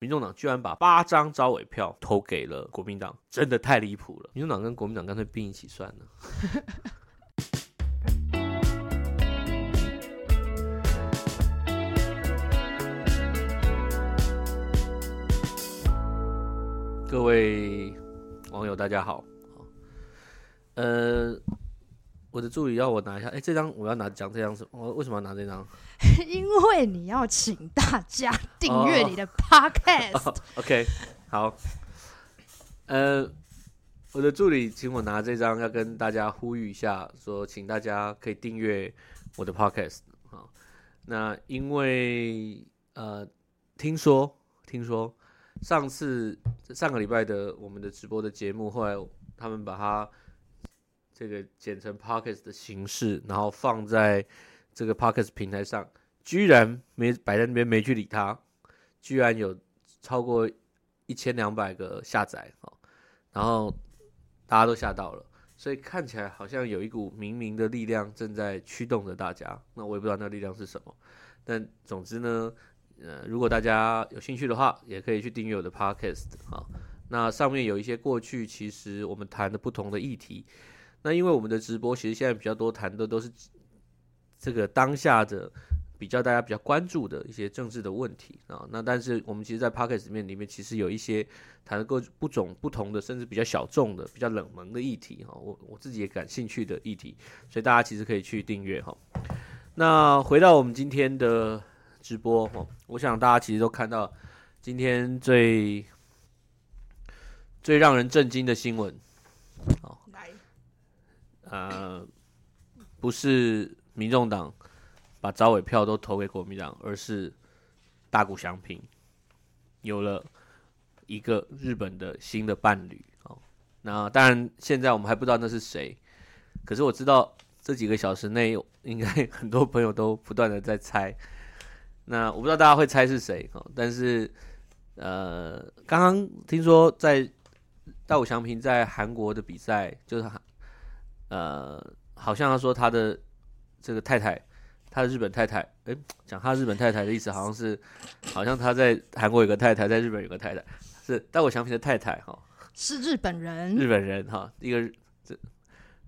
民眾黨居然把八張召委票投給了國民黨，真的太離譜了！民眾黨跟國民黨乾脆併一起算了。 各位網友，大家好，呃。我的助理要我拿一下，哎，這張我要拿講，這張是，我、哦，為什麼要拿這張？因為你要請大家訂閱你的 podcast。Oh, oh, oh, OK， 好。呃，我的助理請我拿這張，要跟大家呼籲一下，說，請大家可以訂閱我的 podcast。好，那因為呃，聽說，聽說上次上個禮拜的我們的直播的節目，後來他們把它。這個剪成 podcast 的形式，然後放在這個 podcast 平台上，居然沒擺在那邊，沒去理它，居然有超過一千兩百個下載，哦，然後大家都嚇到了，所以看起來好像有一股冥冥的力量正在驅動着大家。那我也不知道那力量是什麼，但總之呢，呃，如果大家有興趣的話，也可以去訂閱我的 podcast 好，哦，那上面有一些過去其實我們談的不同的議題。那因為我們的直播其實現在比較多談的都是這個當下的比較大家比較關注的一些政治的問題啊。那但是我們其實，在 Podcast 裡面，其實有一些談過各種不同的，甚至比較小眾的、比較冷門的議題哈。我我自己也感興趣的議題，所以大家其實可以去訂閱哈。那回到我們今天的直播哦，我想大家其實都看到今天最最讓人震驚的新聞哦。呃，不是民眾黨把召委票都投給國民黨，而是大谷翔平有了一個日本的新的伴侶啊、哦。那當然，現在我們還不知道那是誰，可是我知道這幾個小時內，應該很多朋友都不斷的在猜。那我不知道大家會猜是誰啊、哦，但是呃，剛剛聽說在大谷翔平在韓國的比賽，就是。呃，好像他說他的這個太太，他的日本太太，哎、欸，講他日本太太的意思，好像是，好像他在韓國有個太太，在日本有個太太，是但我想起的太太哈，是日本人，日本人哈，一個這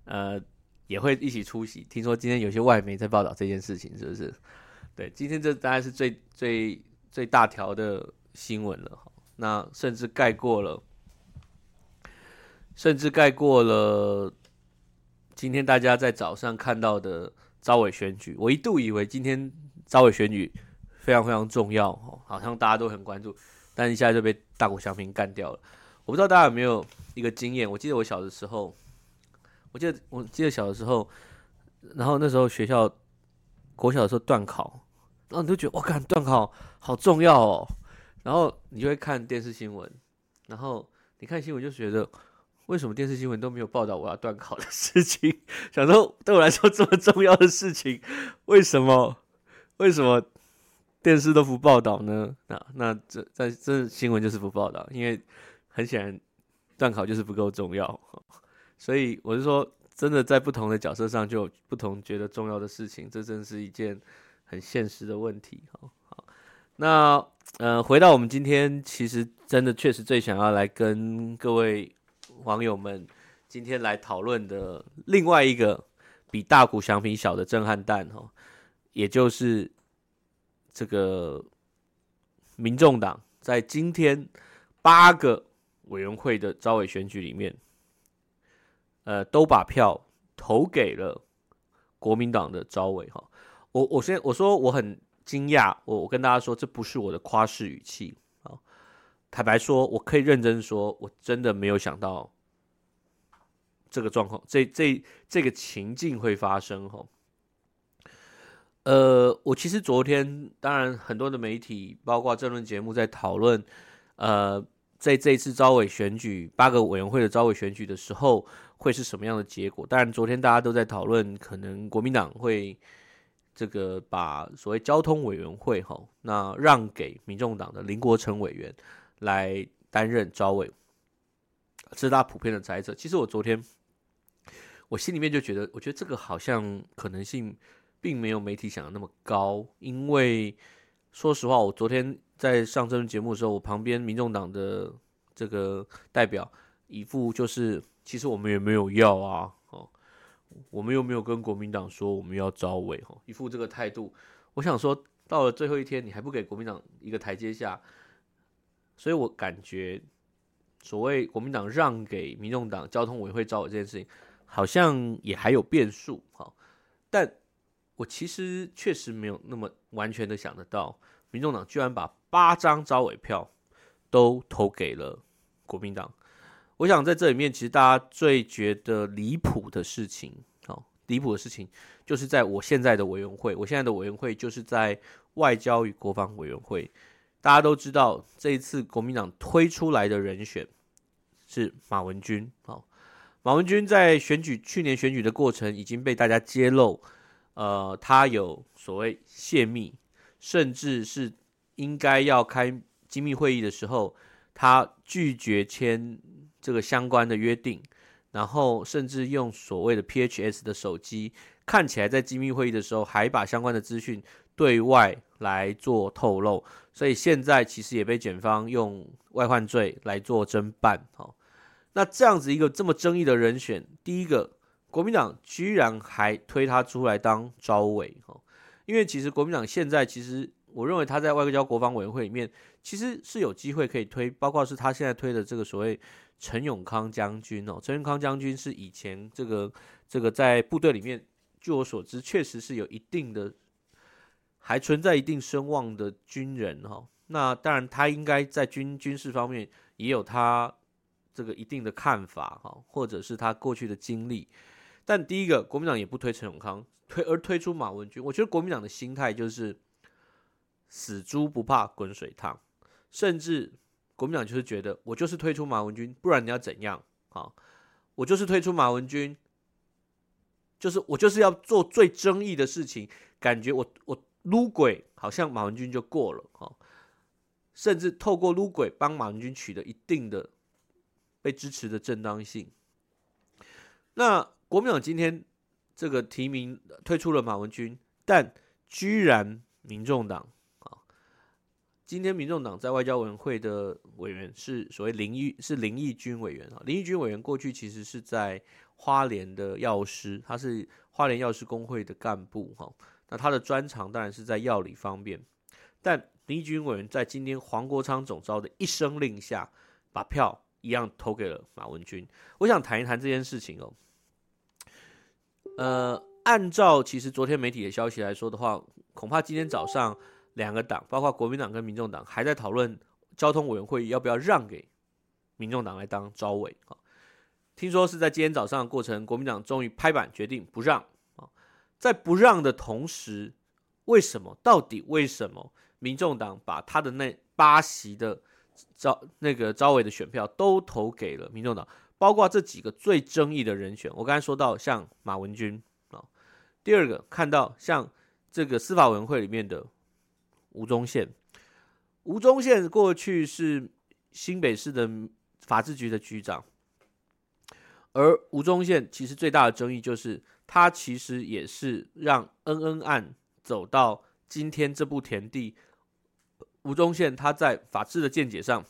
呃也會一起出席。聽說今天有些外媒在報道這件事情，是不是？對，今天這當然是最最最大條的新聞了哈，那甚至蓋過了，甚至蓋過了。今天大家在早上看到的召委選舉，我一度以為今天召委選舉非常非常重要，好像大家都很關注，但一下就被大谷翔平幹掉了。我不知道大家有沒有一個經驗，我記得我小的時候，我記得我記得小的時候，然後那時候學校國小的時候段考，然後你就覺得我靠段考好重要哦，然後你就會看電視新聞，然後你看新聞就覺得。為什麼電視新聞都沒有報道我要段考的事情？想說對我來說這麼重要的事情，為什麼為什麼電視都不報道呢？那那這在這，這新聞就是不報道，因為很顯然段考就是不夠重要。所以我是說，真的在不同的角色上就有不同覺得重要的事情，這真是一件很現實的問題。好，那、呃、嗯，回到我們今天，其實真的確實最想要來跟各位。網友們，今天來討論的另外一個比大谷翔平小的震撼彈，也就是這個民眾黨在今天八個委員會的召委選舉裡面，呃，都把票投給了國民黨的召委。我我先我說，我很驚訝，我我跟大家說，這不是我的誇飾語氣。坦白說，我可以認真說，我真的沒有想到這個狀況，這這這個情境會發生哈。呃，我其實昨天，當然很多的媒體，包括這輪節目在討論，呃，在這次召委選舉，八個委員會的召委選舉的時候，會是什麼樣的結果？當然，昨天大家都在討論，可能國民黨會這個把所謂交通委員會哈，那讓給民眾黨的林國成委員。來擔任召委，這是他普遍的猜測。其實我昨天，我心裡面就覺得，我覺得這個好像可能性並沒有媒體想的那麼高。因為說實話，我昨天在上這節目的時候，我旁邊民眾黨的這個代表一副就是，其實我們也沒有要啊，哦，我們又沒有跟國民黨說我們要召委，哦，一副這個態度。我想說，到了最後一天，你還不給國民黨一個台階下？所以我感覺，所謂國民黨讓給民眾黨交通委員會召委這件事情，好像也還有變數哈。但我其實確實沒有那麼完全的想得到，民眾黨居然把八張召委票都投給了國民黨。我想在這裡面，其實大家最覺得離譜的事情，好離譜的事情，就是在我現在的委員會，我現在的委員會就是在外交與國防委員會。大家都知道，這一次國民黨推出來的人選是馬文君。好、哦，馬文君在選舉去年選舉的過程已經被大家揭露，呃，他有所謂洩密，甚至是應該要開機密會議的時候，他拒絕簽這個相關的約定，然後甚至用所謂的 PHS 的手機，看起來在機密會議的時候還把相關的資訊對外。來做透露，所以現在其實也被檢方用外患罪來做偵辦。那這樣子一個這麼爭議的人選，第一個國民黨居然還推他出來當召委。因為其實國民黨現在其實我認為他在外交國防委員會裡面，其實是有機會可以推，包括是他現在推的這個所謂陳永康將軍哦。陳永康將軍是以前這個這個在部隊裡面，據我所知確實是有一定的。還存在一定聲望的軍人哈、哦，那當然他應該在軍軍事方面也有他這個一定的看法哈、哦，或者是他過去的經歷。但第一個國民黨也不推陳永康，推而推出馬文君，我覺得國民黨的心態就是死豬不怕滾水燙，甚至國民黨就是覺得我就是推出馬文君，不然你要怎樣啊、哦？我就是推出馬文君，就是我就是要做最爭議的事情，感覺我我。擼軌好像馬文君就過了哈，甚至透過擼軌幫馬文君取得一定的被支持的正當性。那國民黨今天這個提名推出了馬文君，但居然民眾黨啊，今天民眾黨在外交委員會的委員是所謂林憶是林憶君委員啊，林憶君委員過去其實是在花蓮的藥師，他是花蓮藥師公會的幹部哈。那他的專長當然是在藥理方面，但立軍委員在今天黃國昌總召的一聲令下，把票一樣投給了馬文君。我想談一談這件事情哦。呃，按照其實昨天媒體的消息來說的話，恐怕今天早上兩個黨，包括國民黨跟民眾黨，還在討論交通委員會要不要讓給民眾黨來當召委。聽說是在今天早上的過程，國民黨終於拍板決定不讓。在不讓的同時，為什麼？到底為什麼？民眾黨把他的那八席的召那個召委的選票都投給了民眾黨，包括這幾個最爭議的人選。我剛才說到，像馬文君啊、哦，第二個看到像這個司法委員會裡面的吳宗憲。吳宗憲過去是新北市的法制局的局長，而吳宗憲其實最大的爭議就是。他其實也是讓恩恩案走到今天這步田地。吳宗憲他在法治的見解上，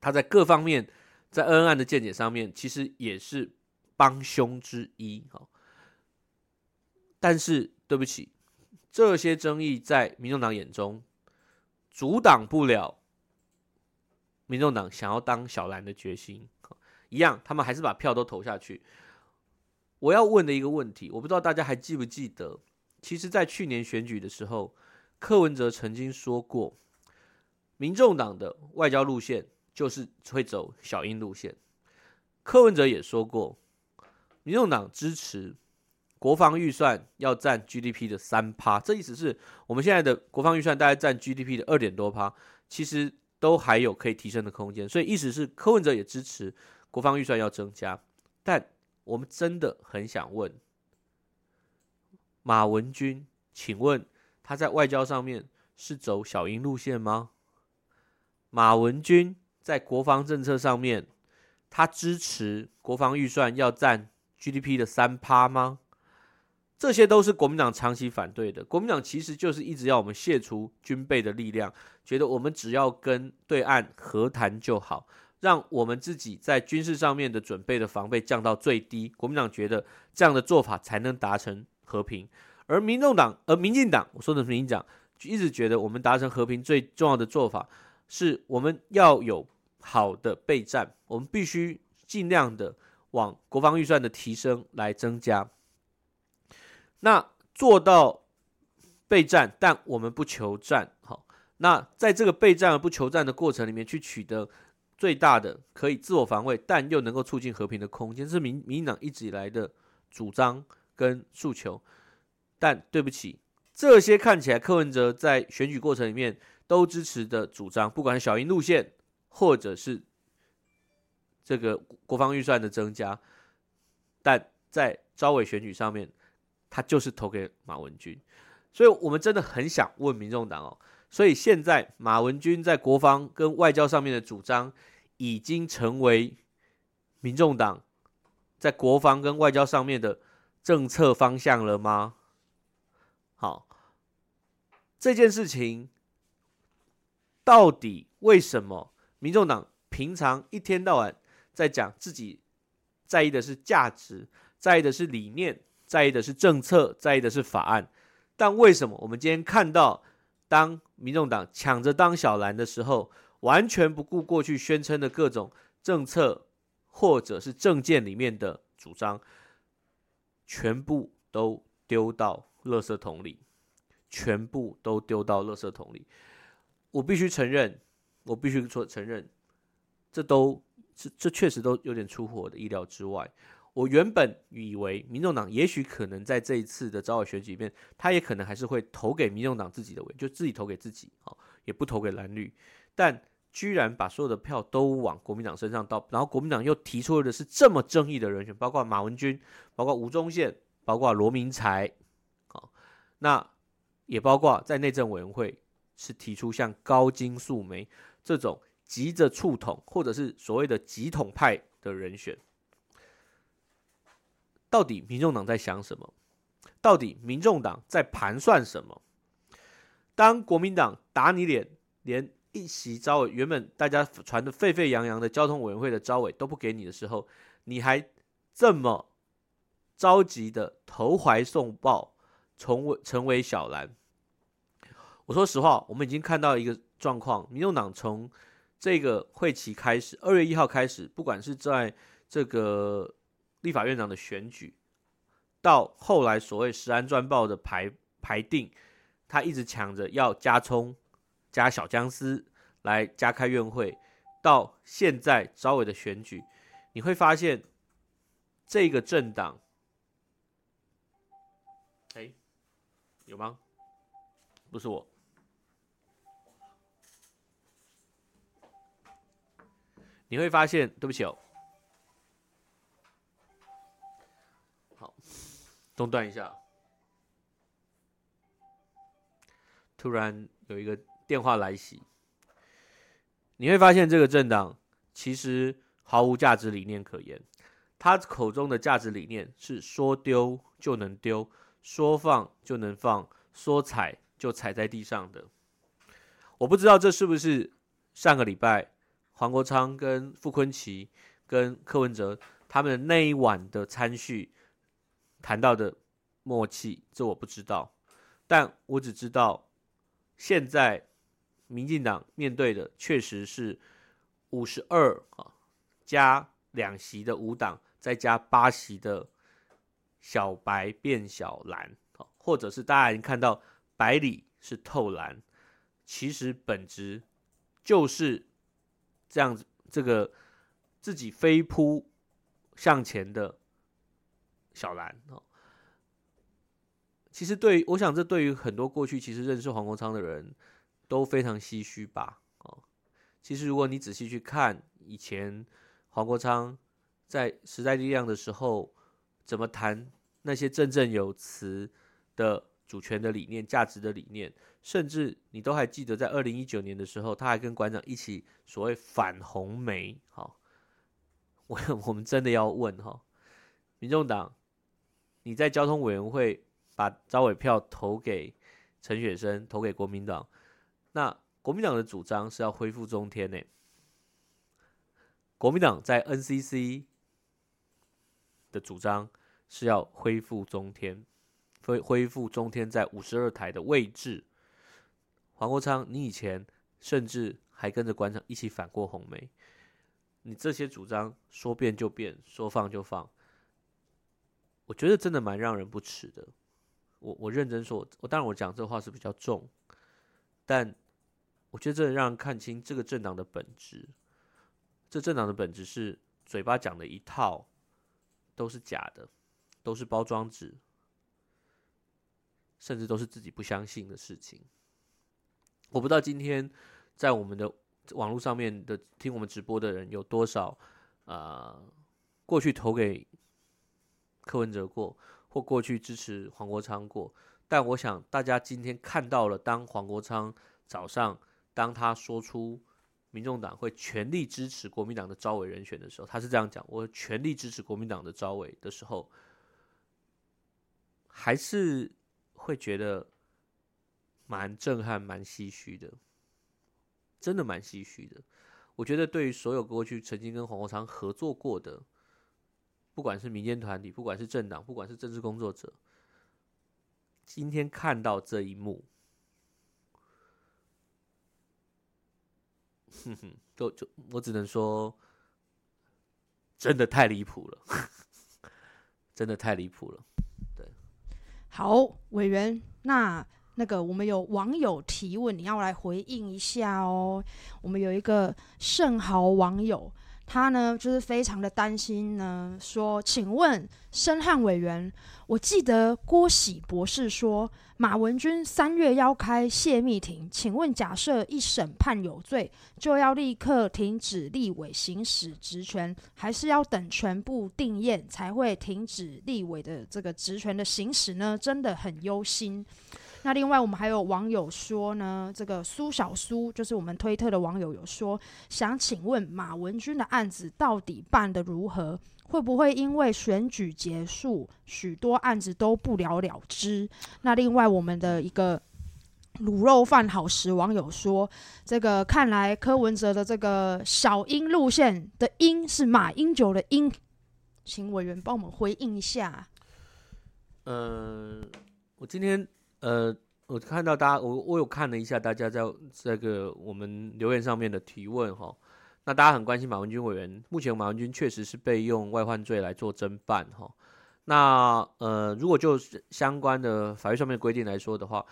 他在各方面在恩恩案的見解上面，其實也是幫凶之一。但是對不起，這些爭議在民眾黨眼中阻擋不了民眾黨想要當小藍的決心，一樣，他們還是把票都投下去。我要問的一個問題，我不知道大家還記不記得，其實，在去年選舉的時候，柯文哲曾經說過，民眾黨的外交路線就是會走小英路線。柯文哲也說過，民眾黨支持國防預算要佔 GDP 的三趴，這意思是，我們現在的國防預算大概佔 GDP 的二點多趴，其實都還有可以提升的空間。所以，意思是柯文哲也支持國防預算要增加，但。我們真的很想問馬文君，請問他在外交上面是走小英路線嗎？馬文君在國防政策上面，他支持國防預算要占 GDP 的三趴嗎？這些都是國民黨長期反對的。國民黨其實就是一直要我們卸除軍備的力量，覺得我們只要跟對岸和談就好。讓我們自己在軍事上面的準備的防備降到最低，國民黨覺得這樣的做法才能達成和平。而民眾黨，而、呃、民進黨，我說的是民進黨，一直覺得我們達成和平最重要的做法是我們要有好的備戰，我們必須盡量的往國防預算的提升來增加。那做到備戰，但我們不求戰。好，那在這個備戰而不求戰的過程裡面，去取得。最大的可以自我防衛，但又能夠促進和平的空間，是民民進黨一直以來的主張跟訴求。但對不起，這些看起來柯文哲在選舉過程裡面都支持的主張，不管是小英路線，或者是這個國防預算的增加，但在召委選舉上面，他就是投給馬文君，所以，我們真的很想問民眾黨哦。所以現在馬文君在國防跟外交上面的主張，已經成為民眾黨在國防跟外交上面的政策方向了嗎？好，這件事情到底為什麼？民眾黨平常一天到晚在講自己在意的是價值，在意的是理念，在意的是政策，在意的是法案，但為什麼我們今天看到？當民眾黨搶着當小藍的時候，完全不顧過去宣稱的各種政策或者是政見裡面的主張，全部都丟到垃圾桶裡，全部都丟到垃圾桶裡。我必須承認，我必須說承認，這都這這確實都有點出乎我的意料之外。我原本以為民眾黨也許可能在這一次的朝野選舉裡面，他也可能還是會投給民眾黨自己的委，就自己投給自己啊，也不投給藍綠。但居然把所有的票都往國民黨身上倒，然後國民黨又提出的是這麼爭議的人選，包括馬文君，包括吳宗憲，包括羅明才。那也包括在內政委員會是提出像高金素梅這種急着觸統或者是所謂的急統派的人選。到底民眾黨在想什麼？到底民眾黨在盤算什麼？當國民黨打你臉，連一席召委原本大家傳的沸沸揚揚的交通委員會的召委都不給你的時候，你還這麼着急的投懷送抱，成為成為小藍？我說實話，我們已經看到一個狀況，民眾黨從這個會期開始，二月一號開始，不管是在這個。立法院長的選舉，到後來所謂食安專報的排排定，他一直搶着要加蔥、加小薑絲來加開院會，到現在召委的選舉，你會發現這個政黨，哎、欸，有嗎？不是我，你會發現，對不起哦。中斷一下，突然有一個電話來襲。你會發現這個政黨其實毫無價值理念可言，他口中的價值理念是說丟就能丟，說放就能放，說踩就踩在地上的。我不知道這是不是上個禮拜黃國昌跟傅崐萁跟柯文哲他們那一晚的餐敘，談到的默契，這我不知道，但我只知道，現在民進黨面對的確實是五十二啊加兩席的無黨，再加八席的小白變小藍啊，或者是大家已經看到白裡是透藍，其實本質就是這樣子，這個自己飛撲向前的。小蘭哦，其實對於我想，這對於很多過去其實認識黃國昌的人都非常唏噓吧。其實如果你仔細去看以前黃國昌在時代力量的時候，怎麼談那些振振有詞的主權的理念、價值的理念，甚至你都還記得，在二零一九年的時候，他還跟館長一起所謂反紅媒。我我們真的要問哈，民眾黨。你在交通委員會把召委票投給陳雪生，投給國民黨。那國民黨的主張是要恢復中天呢？國民黨在 NCC 的主張是要恢復中天，恢恢復中天在五十二台的位置。黃國昌，你以前甚至還跟着館長一起反過紅媒，你這些主張說變就變，說放就放。我覺得真的蠻讓人不齒的，我我認真說，我當然我講這話是比較重，但我覺得這能讓人看清這個政黨的本質，這政黨的本質是嘴巴講的一套都是假的，都是包裝紙，甚至都是自己不相信的事情。我不知道今天在我們的網絡上面的聽我們直播的人有多少，啊、呃，過去投給。柯文哲過或過去支持黃國昌過，但我想大家今天看到了，當黃國昌早上當他說出民眾黨會全力支持國民黨的召委人選的時候，他是這樣講：“我全力支持國民黨的召委”的時候，還是會覺得蠻震撼、蠻唏噓的，真的蠻唏噓的。我覺得對於所有過去曾經跟黃國昌合作過的。不管是民間團體，不管是政黨，不管是政治工作者，今天看到這一幕，哼哼，就就我只能說，真的太離譜了， 真的太離譜了，對。好，委員，那那個我們有網友提問，你要來回應一下哦。我們有一個盛豪網友。他呢，就是非常的擔心呢。說，請問申翰委員，我記得郭喜博士說，馬文君三月要開洩密庭。請問，假設一審判有罪，就要立刻停止立委行使職權，還是要等全部定讞才會停止立委的這個職權的行使呢？真的很憂心。那另外，我們還有網友說呢，這個蘇小蘇就是我們推特的網友有說，想請問馬文君的案子到底辦得如何？會不會因為選舉結束，許多案子都不了了之？那另外，我們的一個滷肉飯好食網友說，這個看來柯文哲的這個小英路線的英是馬英九的英，請委員幫我們回應一下。呃，我今天。呃，我看到大家，我我有看了一下大家在這個我們留言上面的提問哈。那大家很關心馬文君委員，目前馬文君確實是被用外患罪來做偵辦哈。那呃，如果就相關的法律上面的規定來說的話，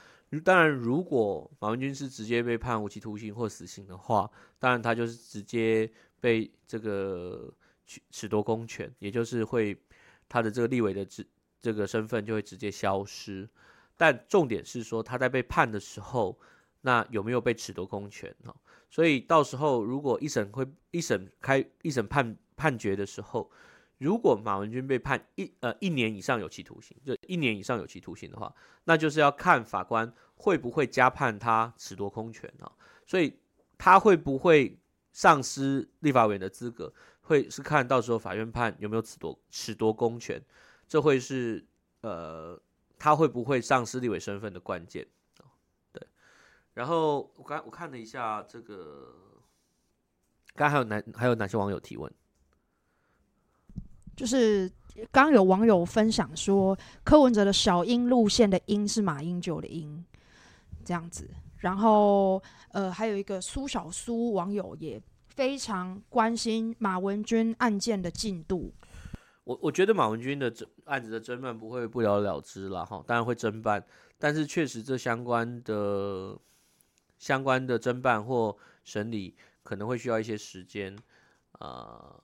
當然如果馬文君是直接被判無期徒刑或死刑的話，當然他就是直接被這個取褫奪公權，也就是會他的這個立委的職，這個身份就會直接消失。但重點是說，他在被判的時候，那有沒有被褫奪公權啊？所以到時候如果一審會一審開一審判判決的時候，如果馬文君被判一呃一年以上有期徒刑，就一年以上有期徒刑的話，那就是要看法官會不會加判他褫奪公權啊？所以他會不會喪失立法委員的資格，會是看到時候法院判有沒有褫奪褫奪公權，這會是呃，他會不會喪失立委身份的關鍵？對，然後我剛我看了一下這個，剛還有哪還有哪些網友提問？就是剛有網友分享說，柯文哲的小英路線的英是馬英九的英這樣子。然後呃，還有一個蘇小蘇網友也非常關心馬文君案件的進度。我我覺得馬文君的這案子的偵辦不會不了了之了哈，當然會偵辦，但是確實這相關的相關的偵辦或審理可能會需要一些時間啊、呃，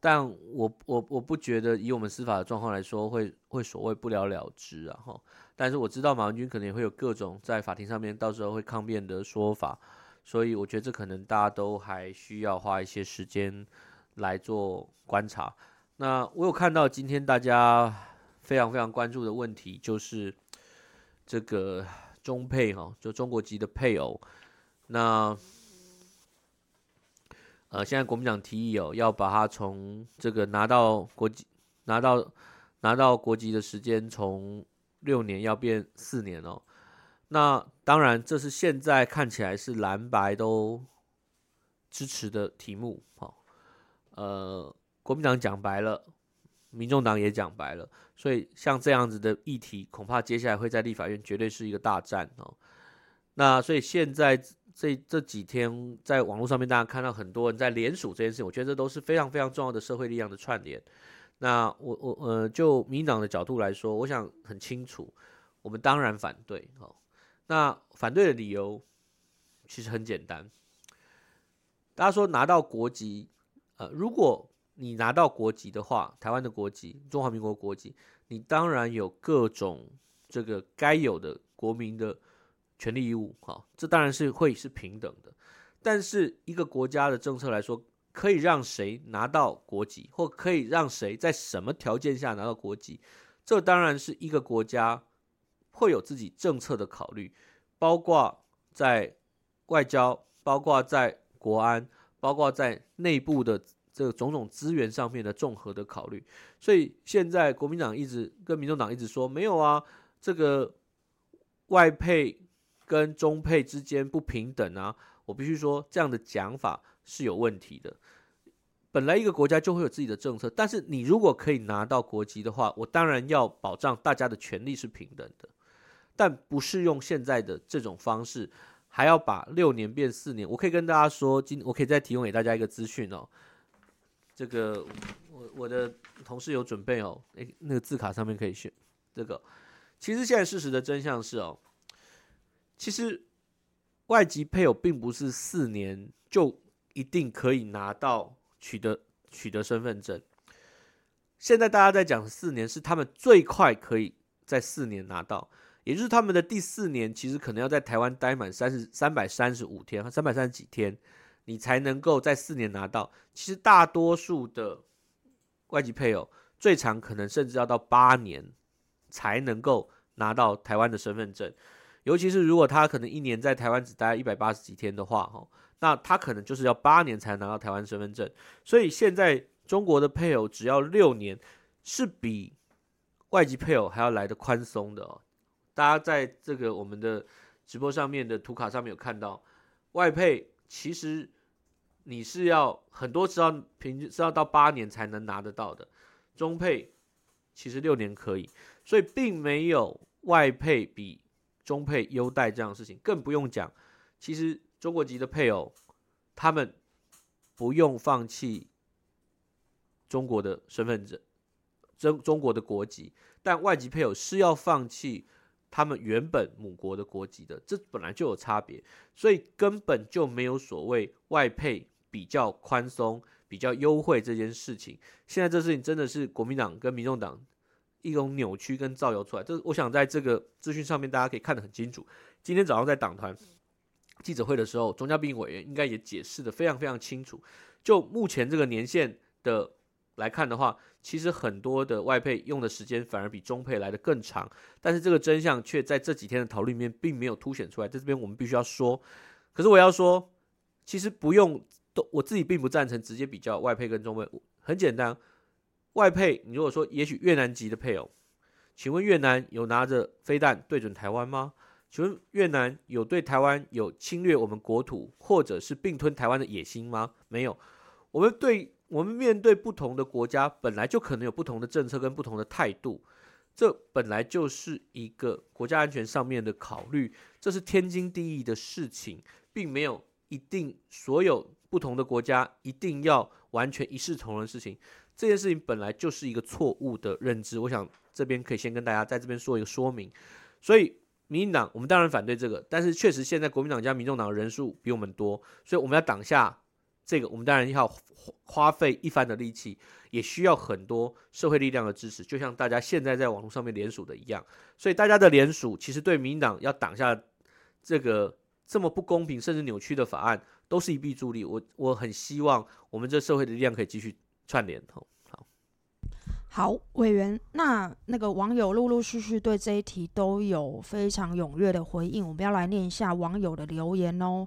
但我我我不覺得以我們司法的狀況來說會會所謂不了了之啊哈，但是我知道馬文君可能也會有各種在法庭上面到時候會抗辯的說法，所以我覺得這可能大家都還需要花一些時間來做觀察。那我有看到今天大家非常非常關注的問題，就是這個中配哈、喔，就中國籍的配偶。那呃，現在國民黨提議哦、喔，要把它從這個拿到國籍拿到拿到國籍的時間從六年要變四年哦、喔。那當然，這是現在看起來是藍白都支持的題目啊、喔，呃。國民黨講白了，民眾黨也講白了，所以像這樣子的議題，恐怕接下來會在立法院絕對是一個大戰哦。那所以現在這這幾天，在網絡上面大家看到很多人在聯署這件事情，我覺得這都是非常非常重要的社會力量的串聯。那我我呃，就民進黨的角度來說，我想很清楚，我們當然反對。那反對的理由其實很簡單，大家說拿到國籍，呃，如果你拿到國籍的話，台灣的國籍、中華民國國籍，你當然有各種這個該有的國民的權利義務。哈，這當然是會是平等的。但是一個國家的政策來說，可以讓誰拿到國籍，或可以讓誰在什麼條件下拿到國籍，這當然是一個國家會有自己政策的考慮，包括在外交，包括在國安，包括在內部的。這個種種資源上面的綜合的考慮，所以現在國民黨一直跟民眾黨一直說沒有啊，這個外配跟中配之間不平等啊，我必須說這樣的講法是有問題的。本來一個國家就會有自己的政策，但是你如果可以拿到國籍的話，我當然要保障大家的權利是平等的，但不是用現在的這種方式，還要把六年變四年。我可以跟大家說，今我可以再提供給大家一個資訊哦。這個，我我的同事有準備哦。誒，那個字卡上面可以選。這個，其實現在事實的真相是哦，其實外籍配偶並不是四年就一定可以拿到取得取得身份證。現在大家在講四年是他們最快可以在四年拿到，也就是他們的第四年，其實可能要在台灣待滿三十三百三十五天和三百三十幾天，你才能夠在四年拿到，其實大多數的外籍配偶最長可能甚至要到八年才能夠拿到台灣的身份證，尤其是如果他可能一年在台灣只待一百八十幾天的話，哦，那他可能就是要八年才拿到台灣身份證。所以現在中國的配偶只要六年，是比外籍配偶還要來的寬鬆的。哦，大家在這個我們的直播上面的圖卡上面有看到，外配其實。你是要很多時候，是要平均是要到八年才能拿得到的，中配其實六年可以，所以並沒有外配比中配優待這樣的事情，更不用講，其實中國籍的配偶，他們不用放棄中國的身份證、中中國的國籍，但外籍配偶是要放棄。他們原本母國的國籍的，這本來就有差別，所以根本就沒有所謂外配比較寬鬆、比較優惠這件事情。現在這事情真的是國民黨跟民眾黨一種扭曲跟造謠出來。這我想在這個資訊上面大家可以看得很清楚。今天早上在黨團記者會的時候，鍾佳濱委員應該也解釋得非常非常清楚。就目前這個年限的。來看的話，其實很多的外配用的時間反而比中配來得更長，但是這個真相卻在這幾天的討論裡面並沒有凸顯出來。在這邊我們必須要說，可是我要說，其實不用都，我自己並不贊成直接比較外配跟中配。很簡單，外配你如果說也許越南籍的配偶，請問越南有拿着飛彈對準台灣嗎？請問越南有對台灣有侵略我們國土或者是併吞台灣的野心嗎？沒有，我們對。我們面對不同的國家，本來就可能有不同的政策跟不同的態度，這本來就是一個國家安全上面的考慮，這是天經地義的事情，並沒有一定所有不同的國家一定要完全一視同仁的事情。這件事情本來就是一個錯誤的認知，我想這邊可以先跟大家在這邊說一個說明。所以，民進黨我們當然反對這個，但是確實現在國民黨加民眾黨的人數比我們多，所以我們要擋下。這個我們當然要花費一番的力氣，也需要很多社會力量的支持，就像大家現在在網絡上面聯署的一樣。所以大家的聯署，其實對民黨要擋下這個這麼不公平甚至扭曲的法案，都是一臂助力。我我很希望我們這社會的力量可以繼續串聯，哦。好，好，委員，那那個網友陸陸續續對這一題都有非常踴躍的回應，我們要來念一下網友的留言哦。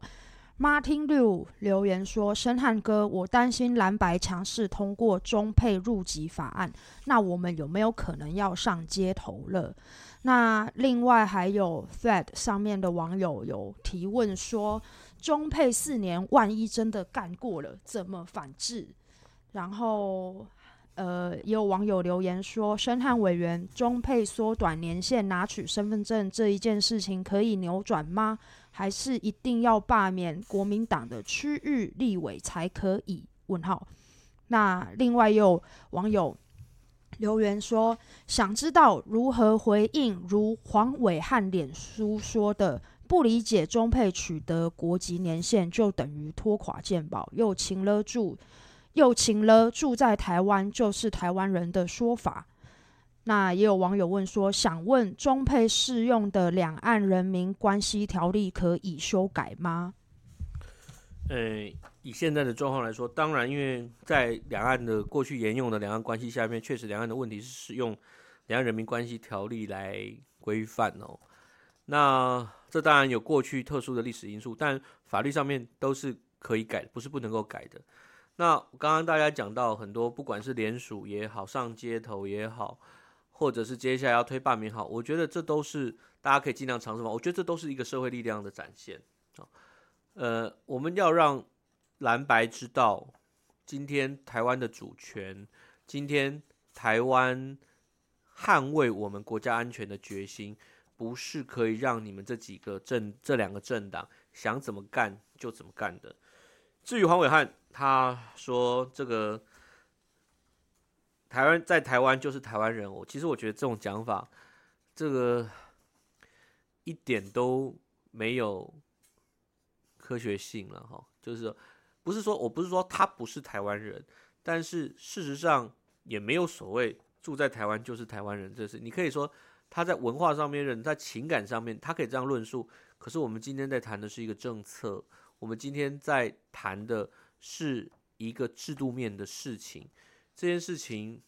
Martin Liu 留言說：“申翰哥，我擔心藍白強勢通過中配入籍法案，那我們有沒有可能要上街頭了？”那另外還有 Thread 上面的網友有提問說：“中配四年，萬一真的幹過了，怎麼反制？”然後。呃，有網友留言說，申翰委員，中配縮短年限拿取身份證這一件事情可以扭轉嗎？還是一定要罷免國民黨的區域立委才可以？問號。那另外有網友留言說，想知道如何回應如黃暐瀚臉書說的，不理解中配取得國籍年限就等於拖垮健保又擒了住。又請了，住在台灣就是台灣人的說法。那也有網友問說，想問中配適用的兩岸人民關係條例可以修改嗎？嗯，以現在的狀況來說，當然，因為在兩岸的過去沿用的兩岸關係下面，確實兩岸的問題是使用兩岸人民關係條例來規範哦。那這當然有過去特殊的歷史因素，但法律上面都是可以改的，不是不能夠改的。那剛剛大家講到很多，不管是連署也好，上街頭也好，或者是接下來要推罷免。好，我覺得這都是大家可以盡量嘗試吧，我覺得這都是一個社會力量的展現啊。呃，我們要讓藍白知道，今天台灣的主權，今天台灣捍衛我們國家安全的決心，不是可以讓你們這幾個政這兩個政黨想怎麼幹就怎麼幹的。至於黃偉漢。他說：“這個台灣在台灣就是台灣人。”我其實我覺得這種講法，這個一點都沒有科學性了。哈，就是不是說我不是說他不是台灣人，但是事實上也沒有所謂住在台灣就是台灣人，這是，你可以說他在文化上面、人在情感上面，他可以這樣論述。可是我們今天在談的是一個政策，我們今天在談的。是一個制度面的事情，這件事情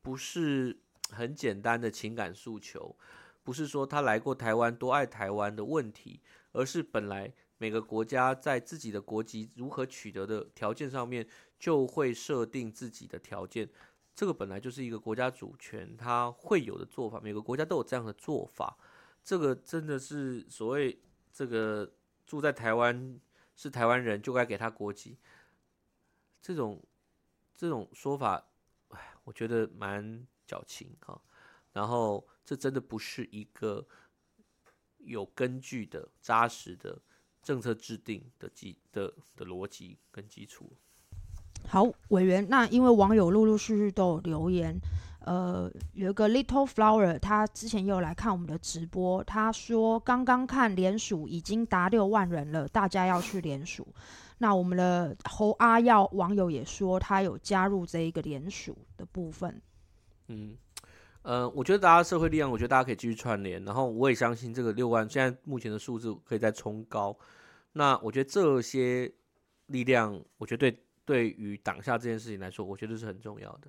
不是很簡單的情感訴求，不是說他來過台灣多愛台灣的問題，而是本來每個國家在自己的國籍如何取得的條件上面就會設定自己的條件，這個本來就是一個國家主權它會有的做法，每個國家都有這樣的做法，這個真的是所謂這個住在台灣是台灣人就該給他國籍。這種這種說法，唉，我覺得蠻矯情哈、喔。然後，這真的不是一個有根據的、扎實的政策制定的基的的邏輯跟基礎。好，委員，那因為網友陸陸續續都有留言，呃，有一個 Little Flower，他之前也有來看我們的直播，他說剛剛看聯署已經達六萬人了，大家要去聯署。那我們的侯阿耀網友也說，他有加入這一個聯署的部分。嗯，呃，我覺得大家社會力量，我覺得大家可以繼續串聯，然後我也相信這個六萬現在目前的數字可以再衝高。那我覺得這些力量，我覺得對，對於擋下這件事情來說，我覺得是很重要的。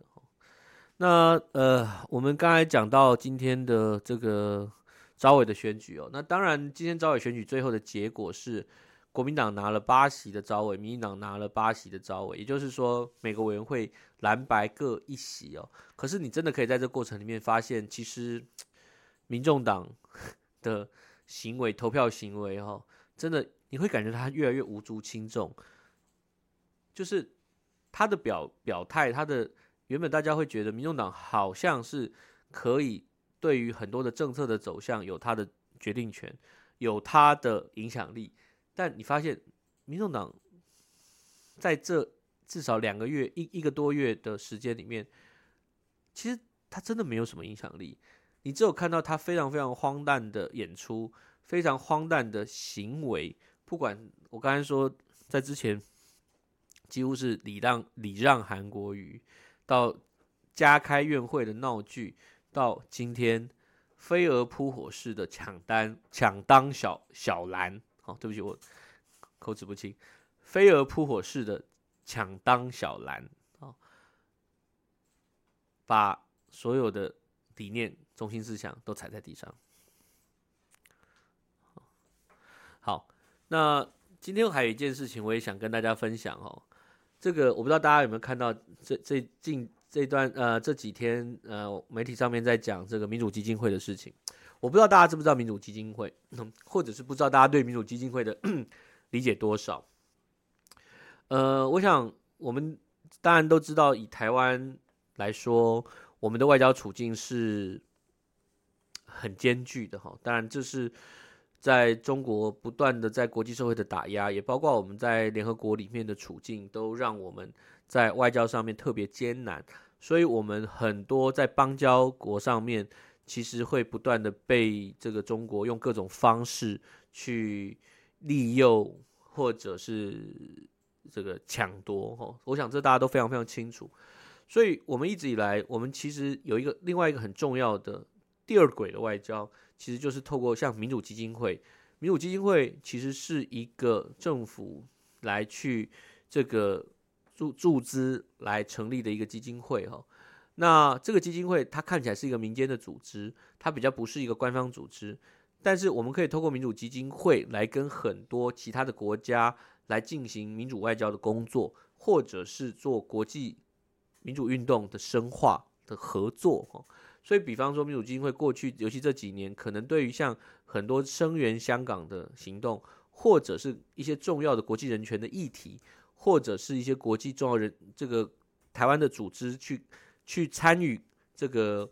那呃，我們剛才講到今天的這個召委的選舉哦，那當然今天召委選舉最後的結果是。國民黨拿了八席的召委，民進黨拿了八席的召委，也就是說，每個委員會藍白各一席哦。可是，你真的可以在這過程裡面發現，其實民眾黨的行為、投票行為，哦，真的你會感覺他越來越無足輕重。就是他的表表態，他的原本大家會覺得，民眾黨好像是可以對於很多的政策的走向有他的決定權，有他的影響力。但你發現，民眾黨在這至少兩個月一一個多月的時間裡面，其實他真的沒有什麼影響力。你只有看到他非常非常荒誕的演出，非常荒誕的行為。不管我剛才說，在之前幾乎是禮讓禮讓韓國瑜，到加開院會的鬧劇，到今天飛蛾撲火式的搶單搶當小小藍。好、哦，對不起，我口齒不清。飛蛾撲火似的搶當小藍，啊、哦，把所有的理念、中心思想都踩在地上。哦、好，那今天還有一件事情，我也想跟大家分享哦。這個我不知道大家有沒有看到這，這最近這段呃這幾天呃媒體上面在講這個民主基金會的事情。我不知道大家知不知道民主基金會，或者是不知道大家對民主基金會的理解多少。呃，我想我們當然都知道，以台灣來說，我們的外交處境是很艱巨的哈。當然，這是在中國不斷的在國際社會的打壓，也包括我們在聯合國裡面的處境，都讓我們在外交上面特別艱難。所以，我們很多在邦交國上面。其實會不斷的被這個中國用各種方式去利誘，或者是這個搶奪哈，我想這大家都非常非常清楚。所以我們一直以來，我們其實有一個另外一個很重要的第二軌的外交，其實就是透過像民主基金會，民主基金會其實是一個政府來去這個注注資來成立的一個基金會哈。那這個基金會它看起來是一個民間的組織，它比較不是一個官方組織，但是我們可以透過民主基金會來跟很多其他的國家來進行民主外交的工作，或者是做國際民主運動的深化的合作。所以，比方說民主基金會過去，尤其這幾年，可能對於像很多聲援香港的行動，或者是一些重要的國際人權的議題，或者是一些國際重要人這個台灣的組織去。去參與這個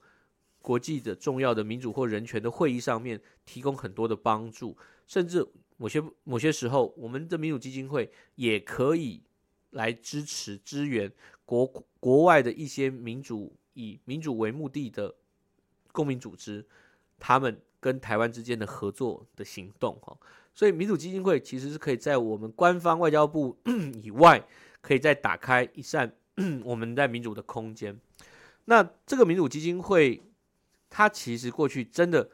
國際的重要的民主或人權的會議上面，提供很多的幫助，甚至某些某些時候，我們的民主基金會也可以來支持、支援國國外的一些民主以民主為目的的公民組織，他們跟台灣之間的合作的行動，哈，所以民主基金會其實是可以在我們官方外交部以外，可以再打開一扇我們在民主的空間。那這個民主基金會，它其實過去真的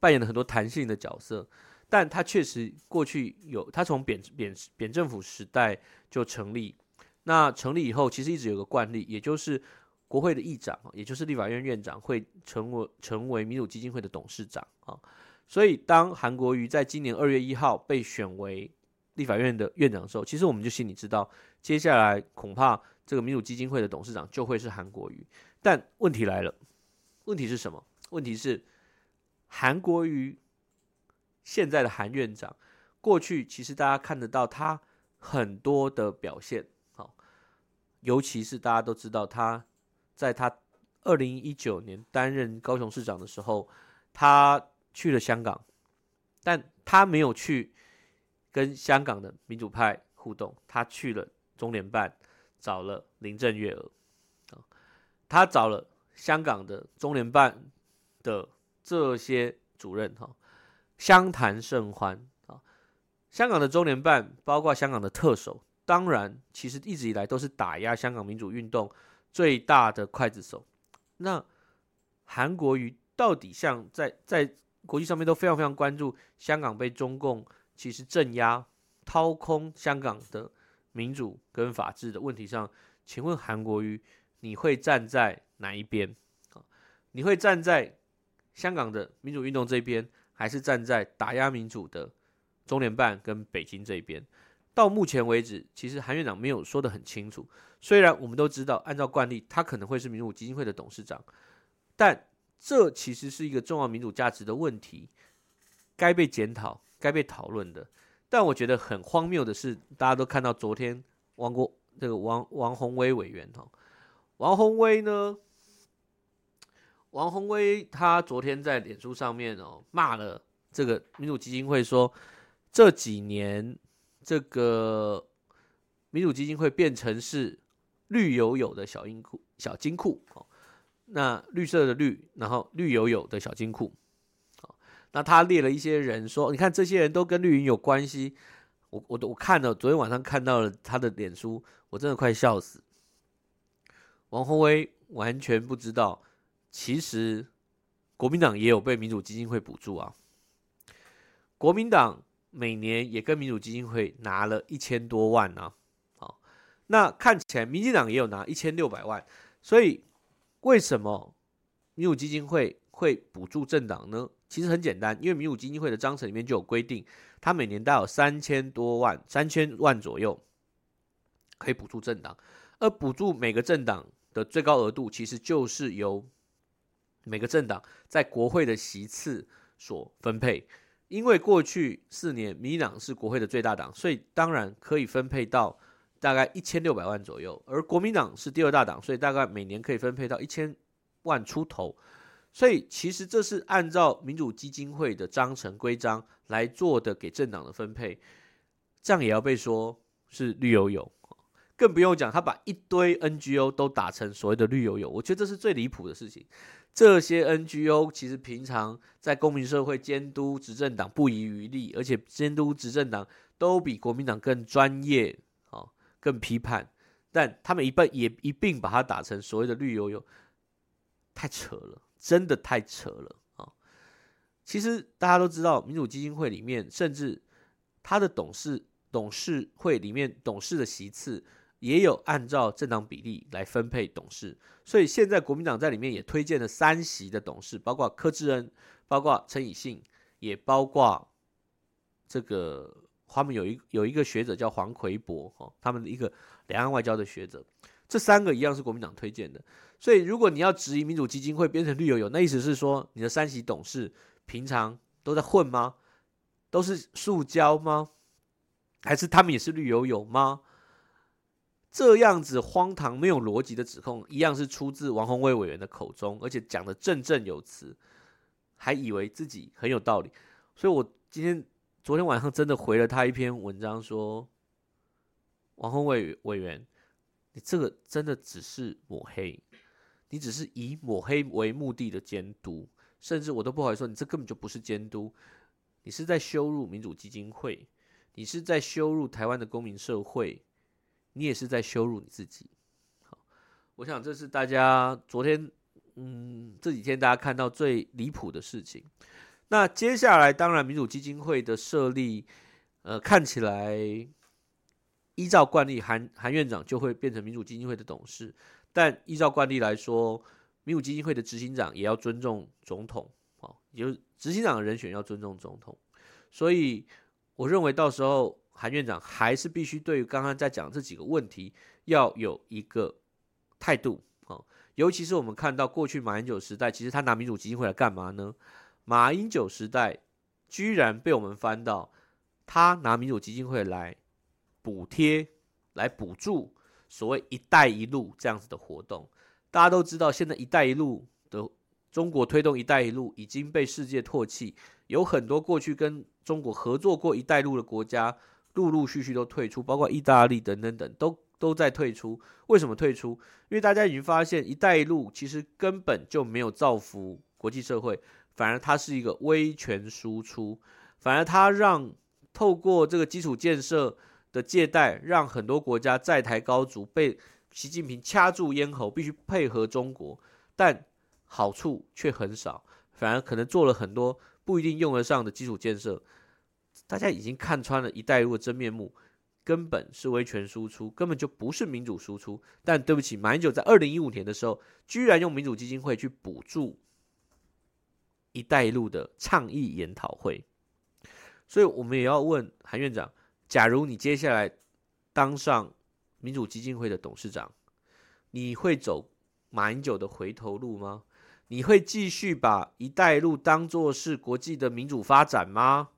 扮演了很多彈性的角色，但它確實過去有，它從扁扁扁政府時代就成立。那成立以後，其實一直有個慣例，也就是國會的議長，也就是立法院院長會成為成為民主基金會的董事長啊。所以當韓國瑜在今年二月一號被選為立法院的院長的時候，其實我們就心裡知道，接下來恐怕。這個民主基金會的董事長就會是韓國瑜，但問題來了，問題是什麼？問題是韓國瑜現在的韓院長，過去其實大家看得到他很多的表現，好，尤其是大家都知道他在他二零一九年擔任高雄市長的時候，他去了香港，但他沒有去跟香港的民主派互動，他去了中聯辦。找了林鄭月娥，啊，他找了香港的中聯辦的這些主任，哈，相談甚歡，啊，香港的中聯辦，包括香港的特首，當然，其實一直以來都是打壓香港民主運動最大的劊子手。那韓國瑜到底像在在國際上面都非常非常關注香港被中共其實鎮壓、掏空香港的民主跟法治的問題上，請問韓國瑜，你會站在哪一邊？啊，你會站在香港的民主運動這邊，還是站在打壓民主的中聯辦跟北京這邊？到目前為止，其實韓院長沒有說得很清楚。雖然我們都知道，按照慣例，他可能會是民主基金會的董事長，但這其實是一個重要民主價值的問題，該被檢討、該被討論的。但我覺得很荒謬的是，大家都看到昨天王國這個王王鴻薇委員哦，王鴻薇呢，王鴻薇他昨天在臉書上面哦罵了這個民主基金會說，說這幾年這個民主基金會變成是綠油油的小金庫，小金庫哦，那綠色的綠，然後綠油油的小金庫。那他列了一些人說，說你看這些人都跟綠營有關係。我、我、我看了昨天晚上看到了他的臉書，我真的快笑死。王鴻薇完全不知道，其實國民黨也有被民主基金會補助啊。國民黨每年也跟民主基金會拿了一千多萬呢、啊。啊，那看起來民進黨也有拿一千六百萬，所以為什麼民主基金會會補助政黨呢？其實很簡單，因為民主基金會的章程裡面就有規定，它每年大概有三千多萬、三千萬左右可以補助政黨，而補助每個政黨的最高額度，其實就是由每個政黨在國會的席次所分配。因為過去四年民進黨是國會的最大黨，所以當然可以分配到大概一千六百萬左右；而國民黨是第二大黨，所以大概每年可以分配到一千萬出頭。所以其實這是按照民主基金會的章程規章來做的，給政黨的分配，這樣也要被說是綠油油，更不用講他把一堆 NGO 都打成所謂的綠油油，我覺得這是最離譜的事情。這些 NGO 其實平常在公民社會監督執政黨不遺餘力，而且監督執政黨都比國民黨更專業啊，更批判，但他們一半也一併把它打成所謂的綠油油，太扯了。真的太扯了啊！其實大家都知道，民主基金會裡面，甚至他的董事董事會裡面董事的席次，也有按照政黨比例來分配董事。所以現在國民黨在裡面也推薦了三席的董事，包括柯志恩，包括陳以信，也包括這個他們有一有一個學者叫黃奎博，哦，他們的一個兩岸外交的學者，這三個一樣是國民黨推薦的。所以，如果你要質疑民主基金會變成綠油油，那意思是說，你的三席董事平常都在混嗎？都是塑膠嗎？還是他們也是綠油油嗎？這樣子荒唐、沒有邏輯的指控，一樣是出自王鴻薇委員的口中，而且講得振振有詞，還以為自己很有道理。所以我今天、昨天晚上真的回了他一篇文章，說：王鴻薇委員，你這個真的只是抹黑。你只是以抹黑為目的的監督，甚至我都不好意思說，你這根本就不是監督，你是在羞辱民主基金會，你是在羞辱台灣的公民社會，你也是在羞辱你自己。好，我想這是大家昨天，嗯，這幾天大家看到最離譜的事情。那接下來，當然民主基金會的設立，呃，看起來依照慣例，韓韓院長就會變成民主基金會的董事。但依照慣例來說，民主基金會的執行長也要尊重總統，啊，也就是執行長的人選要尊重總統。所以我認為到時候韓院長還是必須對於剛剛在講這幾個問題要有一個態度，啊，尤其是我們看到過去馬英九時代，其實他拿民主基金會來幹嘛呢？馬英九時代居然被我們翻到，他拿民主基金會來補貼、來補助。所謂“一帶一路”這樣子的活動，大家都知道，現在“一帶一路”的中國推動“一帶一路”已經被世界唾棄，有很多過去跟中國合作過“一帶一路”的國家，陸陸續續都退出，包括意大利等等等，都都在退出。為什麼退出？因為大家已經發現，“一帶一路”其實根本就沒有造福國際社會，反而它是一個威權輸出，反而它讓透過這個基礎建設。的借貸讓很多國家債台高築，被習近平掐住咽喉，必須配合中國，但好處卻很少，反而可能做了很多不一定用得上的基礎建設。大家已經看穿了一帶一路的真面目，根本是威權輸出，根本就不是民主輸出。但對不起，馬英九在二零一五年的時候，居然用民主基金會去補助一帶一路的倡議研討會，所以我們也要問韓院長。假如你接下來當上民主基金會的董事長，你會走馬英九的回頭路嗎？你會繼續把“一帶一路”當作是國際的民主發展嗎？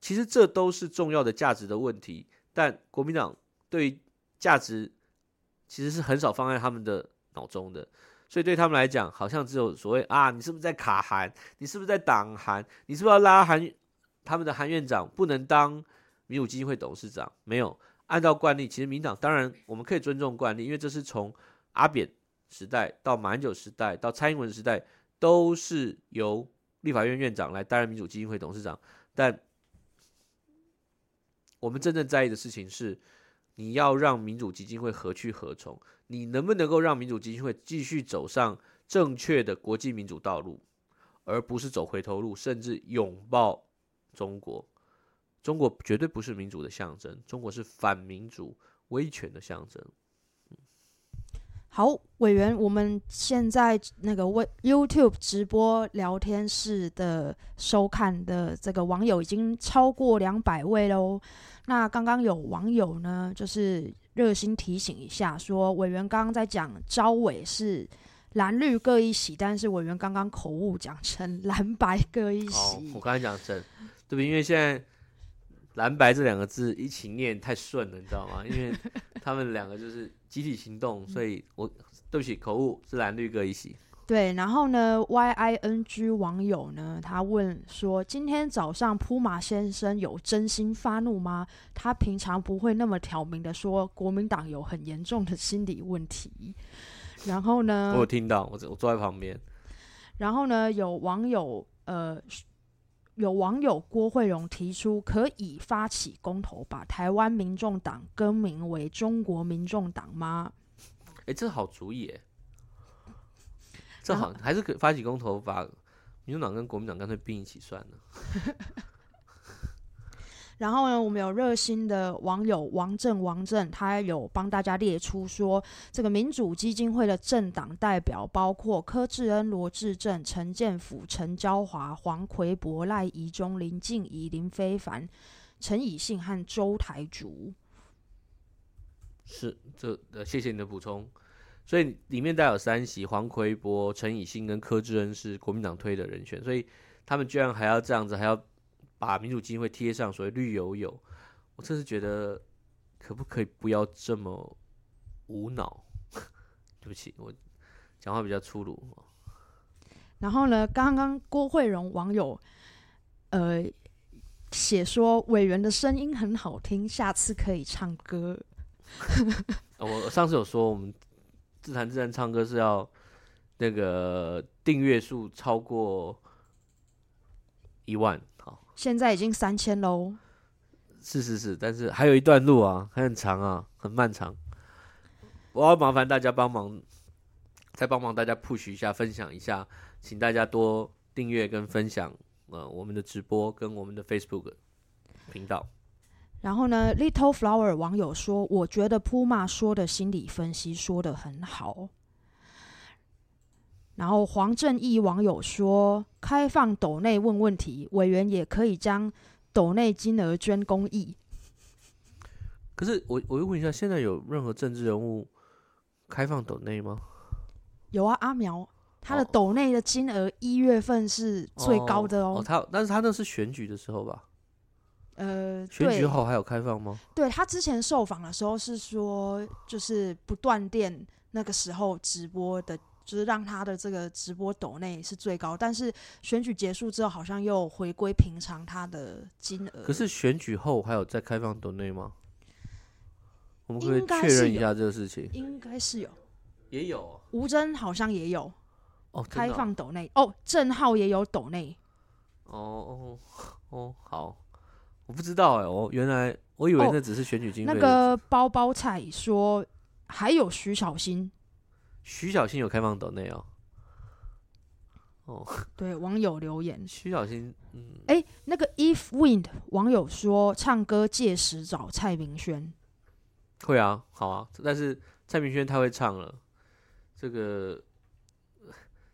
其實這都是重要的價值的問題，但國民黨對價值其實是很少放在他們的腦中的，所以對他們來講，好像只有所謂啊，你是不是在卡韓？你是不是在擋韓？你是不是要拉韓？他們的韓院長不能當？民主基金會董事長沒有按照慣例，其實民黨當然我們可以尊重慣例，因為這是從阿扁時代到馬英九時代到蔡英文時代都是由立法院院長來擔任民主基金會董事長。但我們真正在意的事情是，你要讓民主基金會何去何從？你能不能夠讓民主基金會繼續走上正確的國際民主道路，而不是走回頭路，甚至擁抱中國？中國絕對不是民主的象徵，中國是反民主、威權的象徵，嗯。好，委員，我們現在那個 YouTube 直播聊天室的收看的這個網友已經超過兩百位哦。那剛剛有網友呢，就是熱心提醒一下，說委員剛剛在講招委是藍綠各一席，但是委員剛剛口誤講成藍白各一席。好，我剛才講成，對不對？嗯、因為現在。藍白這兩個字一起念太順了，你知道嗎？因為他們兩個就是集體行動， 所以我，對不起，口誤，是藍綠各一起。對，然後呢，Y I N G 網友呢，他問說：今天早上 Puma 先生有真心發怒嗎？他平常不會那麼挑明的說國民黨有很嚴重的心理問題。然後呢，我有聽到，我我坐在旁邊。然後呢，有網友呃。有網友郭惠榮提出，可以發起公投，把台灣民眾黨更名為中國民眾黨嗎？哎、欸，這好主意！哎，這好，啊、還是可發起公投，把民眾黨跟國民黨乾脆併一起算了。 然後呢，我們有熱心的網友王正，王正，他有幫大家列出說，這個民主基金會的政黨代表包括柯志恩、羅致政、陳建甫、陳椒華、黃奎博、賴怡中林、林靜怡、林非凡、陳以信和周台竹。是，這、呃、謝謝你的補充。所以裡面帶有三席，黃奎博、陳以信跟柯志恩是國民黨推的人選，所以他們居然還要這樣子，還要。把民主基金會貼上所謂綠油油，我真是覺得，可不可以不要這麼無腦？ 對不起，我講話比較粗魯。然後呢，剛剛郭慧榮網友，呃，寫說委員的聲音很好聽，下次可以唱歌。 我上次有說，我們自彈自唱唱歌是要那個訂閱數超過一萬。現在已經三千嘍，是是是，但是還有一段路啊，還很長啊，很漫長。我要麻煩大家幫忙，再幫忙大家 push 一下，分享一下，請大家多訂閱跟分享，呃，我們的直播跟我們的 Facebook 頻道。然後呢，Little Flower 網友說，我覺得 Puma 說的心理分析說得很好。然後黃正義網友說：“開放斗內問問題，委員也可以將斗內金額捐公益。”可是我我又問一下，現在有任何政治人物開放斗內嗎？有啊，阿苗他的斗內的金額一月份是最高的哦。哦哦哦他，但是他那是選舉的時候吧？呃，選舉後還有開放嗎？對，他之前受訪的時候是說，就是不斷電那個時候直播的。就是讓他的這個直播抖內是最高，但是選舉結束之後，好像又回歸平常他的金額。可是選舉後還有在開放抖內嗎？我們可、可以確認一下這個事情。應該是、是有，也有吳、啊、真好像也有哦，開放抖內哦，鄭浩、啊哦、也有抖內哦哦哦，好，我不知道哎、欸，我原來我以為那只是選舉金、哦。那個包包菜說還有徐小新。徐小新有開放斗內哦，哦，對，網友留言，徐小新，嗯，哎、欸，那個 If Wind 網友說唱歌屆時找蔡明軒，會啊，好啊，但是蔡明軒太會唱了，這個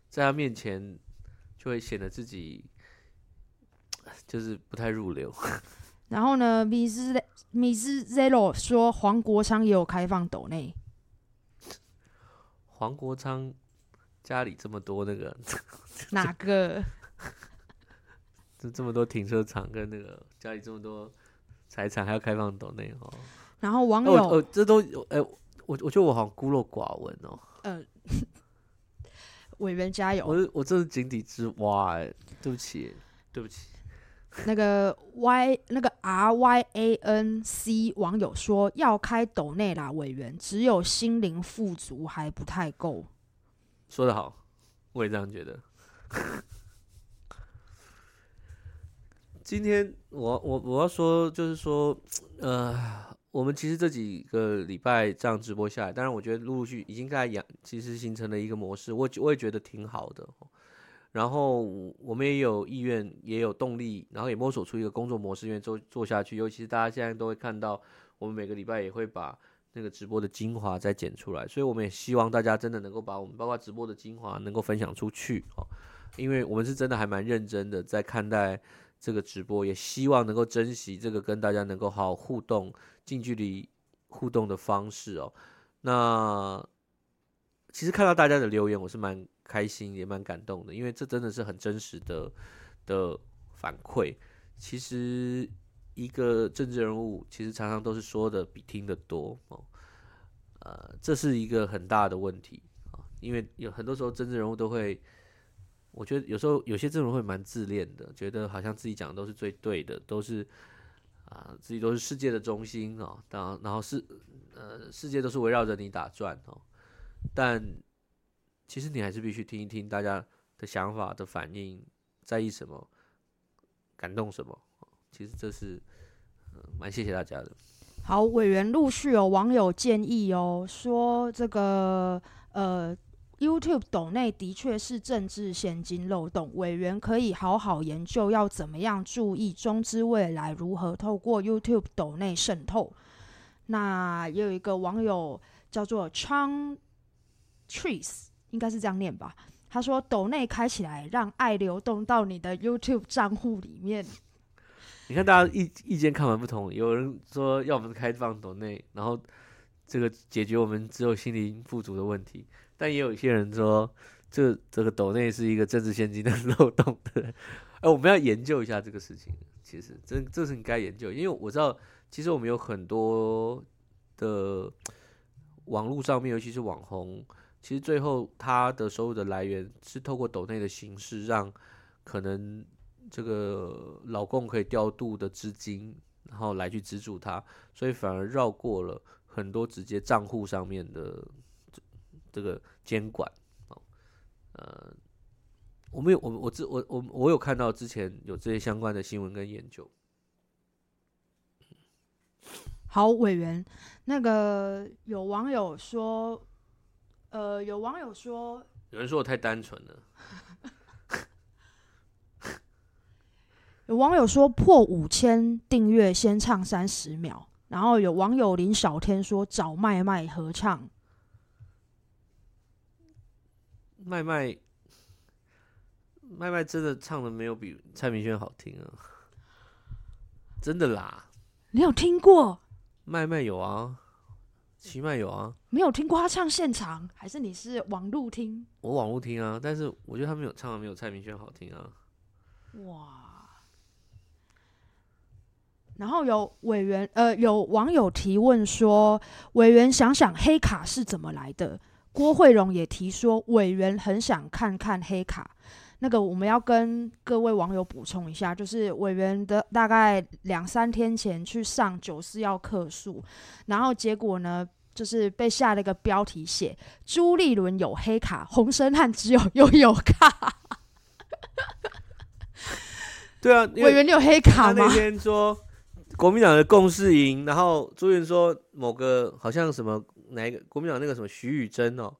在他面前就會顯得自己就是不太入流。然後呢，Miss Miss Zero 說黃國昌也有開放斗內。黃國昌家裡這麼多那個哪個？這 這麼多停車場跟那個家裡這麼多財產，還要開放抖內哦，然後網友、哦哦，這都哎，我我，我覺得我好像孤陋寡聞哦。呃， 委員加油！我我這是井底之蛙，欸，對不起，對不起。 那個 Y 那個 R Y A N C 網友說要開抖內啦，委員，只有心靈富足，還不太夠。說得好，我也這樣覺得。 今天我我我要說就是說，呃，我們其實這幾個禮拜這樣直播下來，當然我覺得陸陸續續已經在養，其實形成了一個模式，我我也覺得挺好的。然後我們也有意願，也有動力，然後也摸索出一個工作模式，願意做做下去。尤其是大家現在都會看到，我們每個禮拜也會把那個直播的精華再剪出來，所以我們也希望大家真的能夠把我們包括直播的精華能夠分享出去哦。因為我們是真的還蠻認真的在看待這個直播，也希望能夠珍惜這個跟大家能夠好好互動、近距離互動的方式哦。那其實看到大家的留言，我是蠻開心也蠻感動的，因為這真的是很真實的的反饋。其實一個政治人物，其實常常都是說的比聽的多哦。呃，這是一個很大的問題啊，哦，因為有很多時候政治人物都會，我覺得有時候有些政治人物會蠻自戀的，覺得好像自己講的都是最對的，都是啊，呃，自己都是世界的中心哦。然後然後世呃，世界都是圍繞着你打轉哦，但其實你還是必須聽一聽大家的想法的反應，在意什麼，感動什麼。其實這是蠻、呃、謝謝大家的。好，委員陸續有網友建議哦，說這個呃 YouTube 抖內的確是政治現金漏洞，委員可以好好研究，要怎麼樣注意中資，未來如何透過 YouTube 抖內滲透。那也有一個網友叫做 Chang Trees。應該是這樣念吧？他說：“斗內開起來，讓愛流動到你的 YouTube 賬戶裡面。”你看，大家意意見看完不同，有人說要我們開放斗內，然後這個解決我們只有心靈富足的問題；但也有一些人說，這這個斗內是一個政治獻金的漏洞的。哎、欸，我們要研究一下這個事情。其實，這這是你該研究，因為我知道，其實我們有很多的網絡上面，尤其是網紅。其實最後，他的收入的來源是透過斗內的形式，讓可能這個老共可以調度的資金，然後來去資助他，所以反而繞過了很多直接賬戶上面的這,這個監管。呃，我們有我我知我我我有看到之前有這些相關的新聞跟研究。好，委員，那個有網友說。呃，有網友說，有人說我太單純了。 有網友說破五千訂閱先唱三十秒，然後有網友林小天說找麥麥合唱。麥麥麥麥真的唱的沒有比蔡明軒好聽啊！真的啦，你有聽過麥麥有啊？奇麥有啊，沒有聽過他唱現場，還是你是網路聽？我網路聽啊，但是我覺得他沒有唱，沒有蔡明軒好聽啊。哇！然後有委員呃有網友提問說，委員想想黑卡是怎麼來的？郭慧榮也提說，委員很想看看黑卡。那個我們要跟各位網友補充一下，就是委員的大概兩三天前去上九四要客訴，然後結果呢？就是被下了一個標題寫，寫朱立倫有黑卡，洪申翰只有悠遊卡。 對啊，委員你有黑卡嗎？他那天說國民黨的共識營，然後朱云說某個好像什麼哪一個國民黨那個什麼許宇甄哦，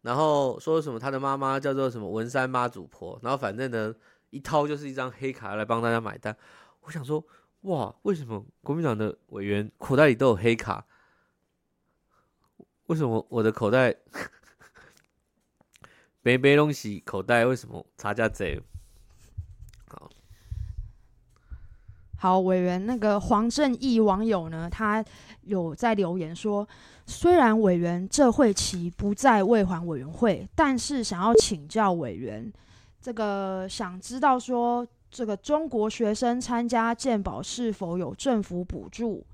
然後說什麼他的媽媽叫做什麼文山媽祖婆，然後反正呢一掏就是一張黑卡來幫大家買單。我想說哇，為什麼國民黨的委員口袋裡都有黑卡？為什麼我的口袋沒沒東西？呵呵白白口袋為什麼差價賊？好，好，委員那個黃正義網友呢？他有在留言說：雖然委員這會期不在衛環委員會，但是想要請教委員，這個想知道說這個中國學生參加健保是否有政府補助？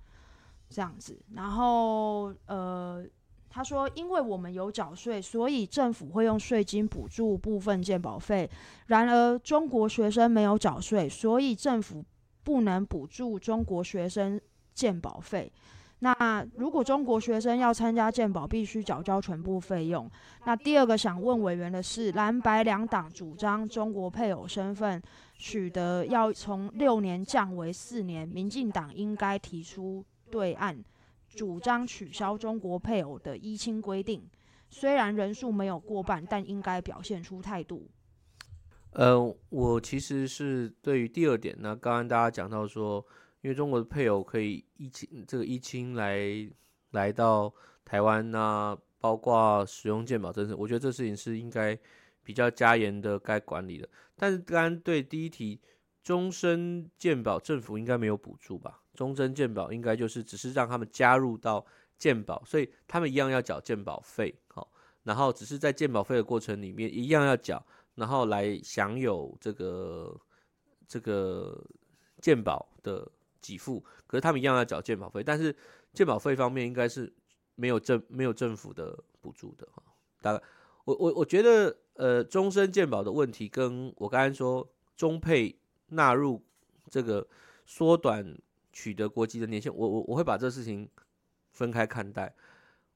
這樣子，然後呃。他說：“因為我們有繳稅，所以政府會用稅金補助部分健保費。然而，中國學生沒有繳稅，所以政府不能補助中國學生健保費。那如果中國學生要參加健保，必須繳交全部費用。那第二個想問委員的是，藍白兩黨主張中國配偶身份取得要從六年降為四年，民進黨應該提出對案。”主張取消中國配偶的依親規定，雖然人數沒有過半，但應該表現出態度。呃，我其實是對於第二點呢，那剛剛大家講到說，因為中國的配偶可以依親這個依親來來到台灣吶、啊，包括使用健保政策，我覺得這事情是應該比較加嚴的，該管理的。但是剛剛對第一題，終身健保政府應該沒有補助吧？中生健保應該就是只是讓他們加入到健保，所以他們一樣要繳健保費。好，然後只是在健保費的過程裡面一樣要繳，然後來享有這個這個健保的給付，可是他們一樣要繳健保費，但是健保費方面應該是沒有政沒有政府的補助的啊。大概我我我覺得呃，中生健保的問題跟我剛才說中配納入這個縮短，取得國籍的年限，我我我會把這事情分開看待。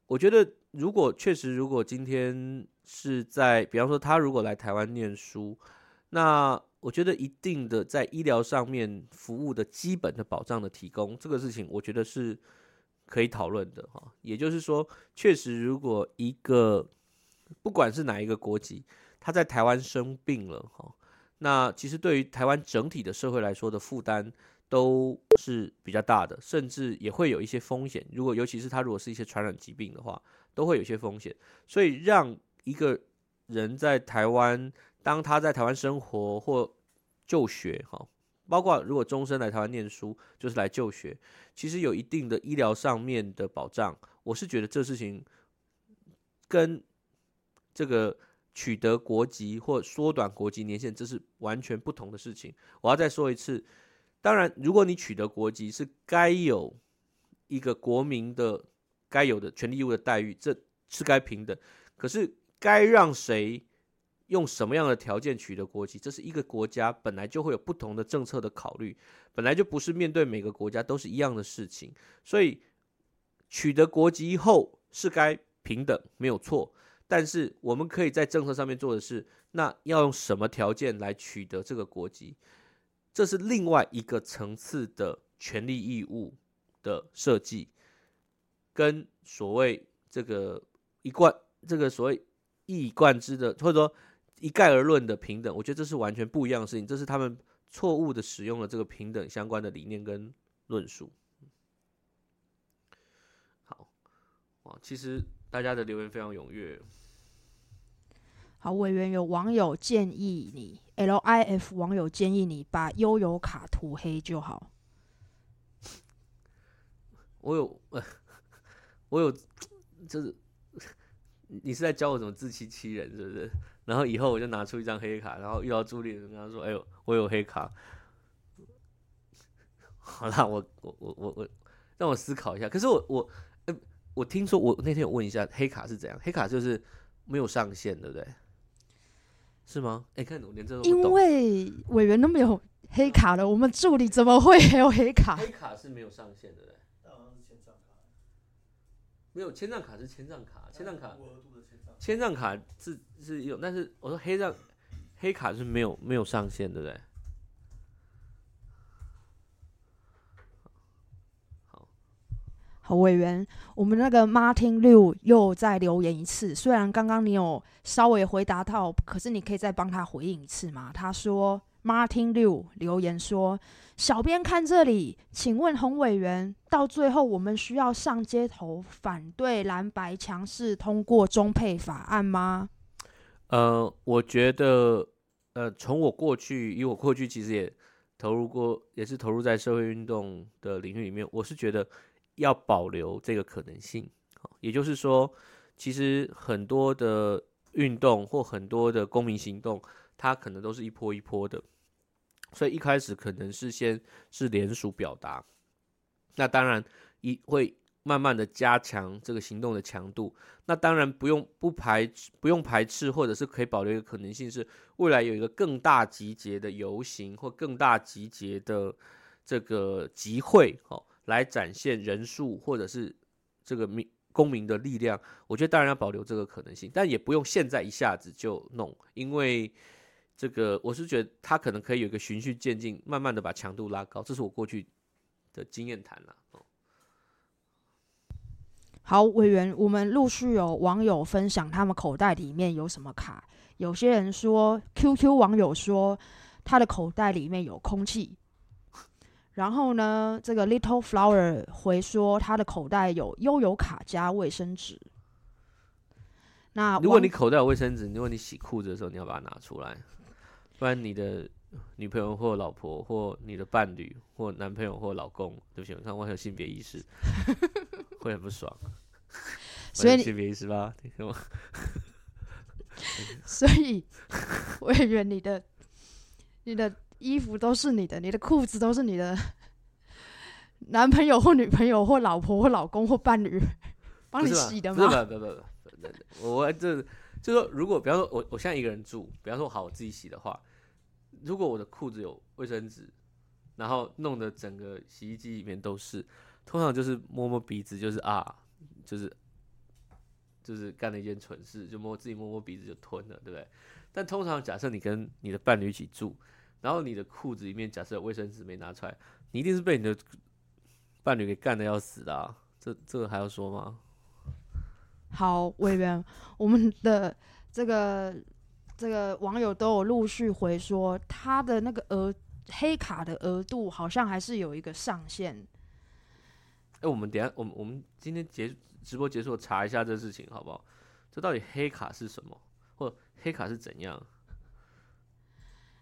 我覺得，如果確實，如果今天是在，比方說他如果來台灣念書，那我覺得一定的在醫療上面服務的基本的保障的提供這個事情，我覺得是可以討論的哈。也就是說，確實如果一個不管是哪一個國籍，他在台灣生病了哈，那其實對於台灣整體的社會來說的負擔。都是比較大的，甚至也會有一些風險。如果尤其是他如果是一些傳染疾病的話，都會有一些風險。所以讓一個人在台灣，當他在台灣生活或就學，哈，包括如果終身來台灣念書，就是來就學，其實有一定的醫療上面的保障。我是覺得這事情跟這個取得國籍或縮短國籍年限，這是完全不同的事情。我要再說一次。當然，如果你取得國籍是該有，一個國民的該有的權利義務的待遇，這是該平等。可是，該讓誰用什麼樣的條件取得國籍，這是一個國家本來就會有不同的政策的考慮，本來就不是面對每個國家都是一樣的事情。所以，取得國籍以後是該平等，沒有錯。但是，我們可以在政策上面做的是，那要用什麼條件來取得這個國籍？這是另外一個層次的權利義務的設計，跟所謂這個一貫、這個所謂一以貫之的，或者說一概而論的平等，我覺得這是完全不一樣的事情。這是他們錯誤的使用了這個平等相關的理念跟論述。好，哇，其實大家的留言非常踴躍。好，委員，有網友建議你，LIF 網友建議你把悠遊卡塗黑就好。我有，我有，就是你是在教我怎麼自欺欺人，是不是？然後以後我就拿出一張黑卡，然後遇到助理人，跟他說：“哎、欸、呦，我有黑卡。好”好啦，我我我我我讓我思考一下。可是我我，我聽說我那天有問一下黑卡是怎樣，黑卡就是沒有上限，對不對？是嗎？哎、欸，看連這都因為委員都沒有黑卡的，嗯，我們助理怎麼會還有黑卡？黑卡是沒有上限的，對，沒有，簽帳卡是簽帳卡，簽帳卡。簽帳卡，卡是是有，但是我說黑賬黑卡是沒有沒有上限的，對對？洪委員，我們那個 Martin Liu 又再留言一次，雖然剛剛你有稍微回答到，可是你可以再幫他回應一次嗎？他說 Martin Liu 留言說：“小編看這裡，請問洪委員，到最後我們需要上街頭反對藍白強勢通過中配法案嗎？”呃，我覺得，呃，從我過去，以我過去其實也投入過，也是投入在社會運動的領域裡面，我是覺得。要保留這個可能性，也就是說，其實很多的運動或很多的公民行動，它可能都是一波一波的，所以一開始可能是先是聯署表達，那當然也會慢慢的加強這個行動的強度，那當然不用不排不用排斥，或者是可以保留一個可能性是未來有一個更大集結的遊行或更大集結的這個集會，哦。來展現人數或者是這個民公民的力量，我覺得當然要保留這個可能性，但也不用現在一下子就弄，因為這個我是覺得他可能可以有一個循序漸進，慢慢的把強度拉高，這是我過去的經驗談了，啊、哦。好，委員，我們陸續有網友分享他們口袋裡面有什麼卡，有些人說 QQ 網友說他的口袋裡面有空氣。然後呢，這個 little flower 回說，他的口袋有悠游卡加衛生紙。那如果你口袋有衛生紙，如果你洗褲子的時候，你要把它拿出來，不然你的女朋友或老婆或你的伴侶或男朋友或老公，對不起，我看我很有性別意識， 會很不爽。 所以性別意識吧？你 所以，我也怨你的，你的。衣服都是你的，你的褲子都是你的男朋友或女朋友或老婆或老公或伴侶幫你洗的嗎？不不不不不，我這就說，如果比方說我，我我現在一個人住，比方說好，我自己洗的話，如果我的褲子有衛生紙，然後弄得整個洗衣機裡面都是，通常就是摸摸鼻子，就是啊，就是就是幹了一件蠢事，就摸自己摸摸鼻子就吞了，對不對？但通常假設你跟你的伴侶一起住。然後你的褲子裡面假設有衛生紙沒拿出來，你一定是被你的伴侶給幹的要死的啊。這這個還要說嗎？好，委員，我們的這個這個網友都有陸續回說，他的那個額黑卡的額度好像還是有一個上限。哎，我們等下，我們我們今天結直播結束，查一下這事情好不好？這到底黑卡是什麼，或黑卡是怎樣？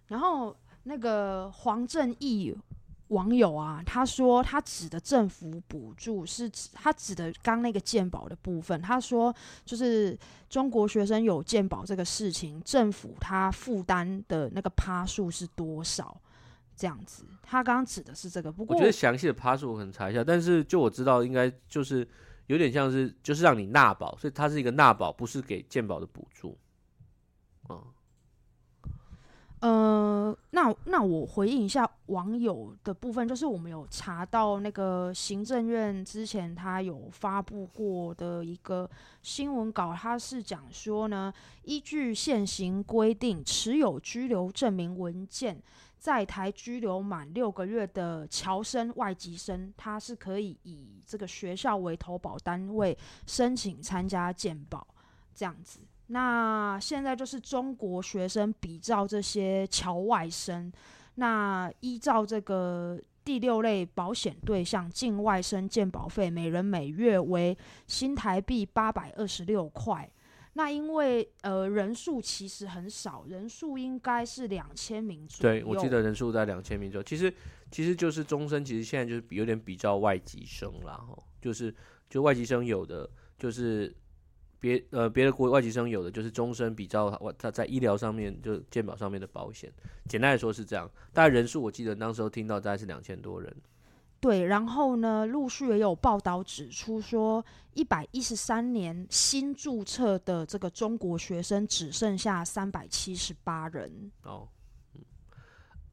然後。那個黃正義網友啊，他說他指的政府補助是指他指的剛那個健保的部分。他說就是中國學生有健保這個事情，政府他負擔的那個趴數是多少？這樣子，他剛剛指的是這個。不過我覺得詳細的趴數我可能查一下，但是就我知道應該就是有點像是就是讓你納保，所以它是一個納保，不是給健保的補助。嗯。呃，那那我回應一下網友的部分，就是我們有查到那個行政院之前他有發布過的一個新聞稿，他是講說呢，依據現行規定，持有居留證明文件，在台居留滿六個月的僑生外籍生，他是可以以這個學校為投保單位申請參加健保這樣子。那現在就是中國學生比照這些僑外生，那依照這個第六類保險對象，境外生健保費每人每月為新台幣八百二十六塊。那因為呃人數其實很少，人數應該是兩千名左右。對，我記得人數在兩千名左右。其實其實就是終身，其實現在就是有點比照外籍生啦，哈。就是就外籍生有的就是。別呃，別的國外籍生有的就是終身，比較他他在,在醫療上面，就健保上面的保險。簡單來說是這樣，大概人數我記得那時候聽到大概是兩千多人。對，然後呢，陸續也有報道指出說，一百一十三年新注冊的這個中國學生只剩下三百七十八人。哦，嗯，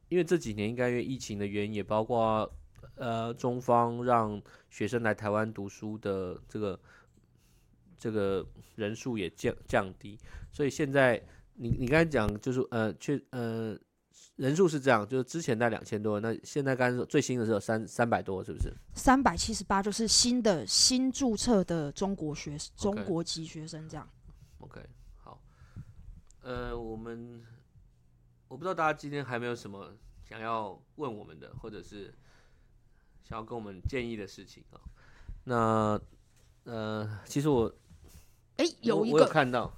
因為這幾年應該因為疫情的原因，也包括呃中方讓學生來台灣讀書的這個。這個人數也降降低，所以現在你你剛才講就是呃去，呃,呃人數是這樣，就是之前在兩千多，那現在剛說最新的時候三三百多，是不是？三百七十八，就是新的新注冊的中國學、okay. 中國籍學生這樣。OK，好，呃，我們我不知道大家今天還沒有什麼想要問我們的，或者是想要跟我們建議的事情啊、哦。那呃，其實我。哎、欸，有一個我，我有看到，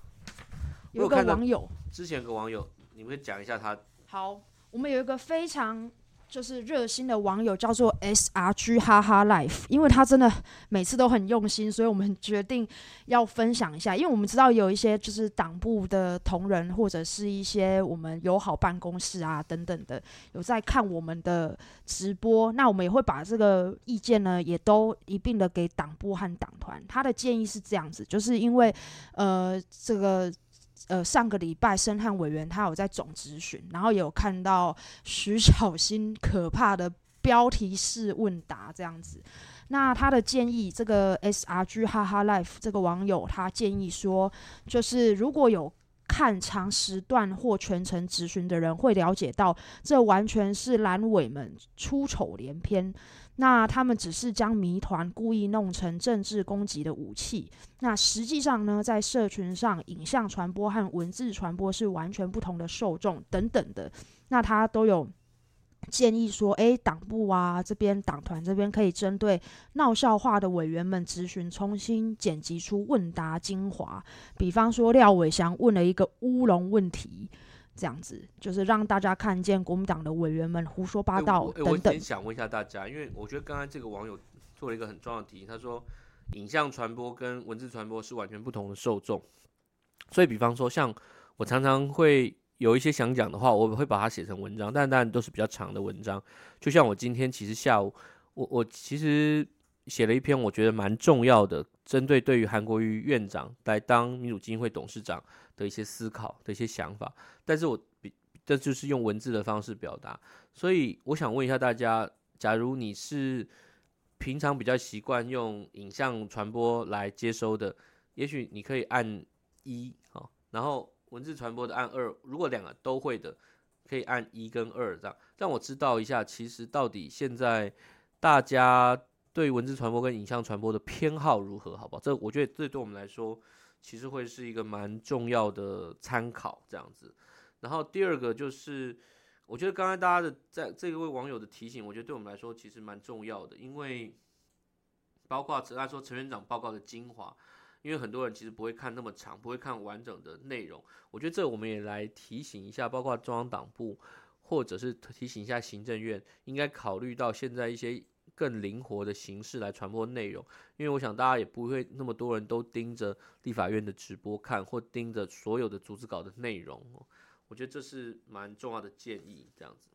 有個網友，之前有個網友，你們講一下他。好，我們有一個非常。就是熱心的網友叫做 SRG 哈哈 Life，因為他真的每次都很用心，所以我們決定要分享一下。因為我們知道有一些就是黨部的同仁或者是一些我們友好辦公室啊等等的有在看我們的直播，那我們也會把這個意見呢也都一併的給黨部和黨團。他的建議是這樣子，就是因為呃這個。呃，上個禮拜，申翰委員他有在總質詢，然後也有看到徐巧芯可怕的標題式問答這樣子。那他的建議，這個 S R G 哈哈 Life 這個網友他建議說，就是如果有看長時段或全程質詢的人，會了解到這完全是藍委們出醜連篇。那他們只是將謎團故意弄成政治攻擊的武器。那實際上呢，在社群上，影像傳播和文字傳播是完全不同的受眾等等的。那他都有建議說，哎、欸，黨部啊，這邊黨團這邊可以針對鬧笑話的委員們質詢，質詢重新剪輯出問答精華。比方說，廖偉翔問了一個烏龍問題。這樣子就是讓大家看見國民黨的委員們胡說八道等等。欸，我欸、我想問一下大家，因為我覺得剛才這個網友做了一個很重要的提議，他說影像傳播跟文字傳播是完全不同的受眾。所以，比方說像我常常會有一些想講的話，我會把它寫成文章，但當然都是比較長的文章。就像我今天其實下午，我我其實寫了一篇我覺得蠻重要的，針對對於韓國瑜院長來當民主基金會董事長。的一些思考的一些想法，但是我比這就是用文字的方式表達，所以我想問一下大家，假如你是平常比較習慣用影像傳播來接收的，也許你可以按一啊，然後文字傳播的按二，如果兩個都會的，可以按一跟二這樣，讓我知道一下，其實到底現在大家對文字傳播跟影像傳播的偏好如何，好不好？這我覺得這對我們來說。其實會是一個蠻重要的參考，這樣子。然後第二個就是，我覺得剛才大家的在這一位網友的提醒，我覺得對我們來說其實蠻重要的，因為包括他說陳院長報告的精華，因為很多人其實不會看那麼長，不會看完整的內容。我覺得這我們也來提醒一下，包括中央黨部或者是提醒一下行政院，應該考慮到現在一些。更靈活的形式來傳播內容，因為我想大家也不會那麼多人都盯着立法院的直播看，或盯着所有的主旨稿的內容。我覺得這是蠻重要的建議，這樣子。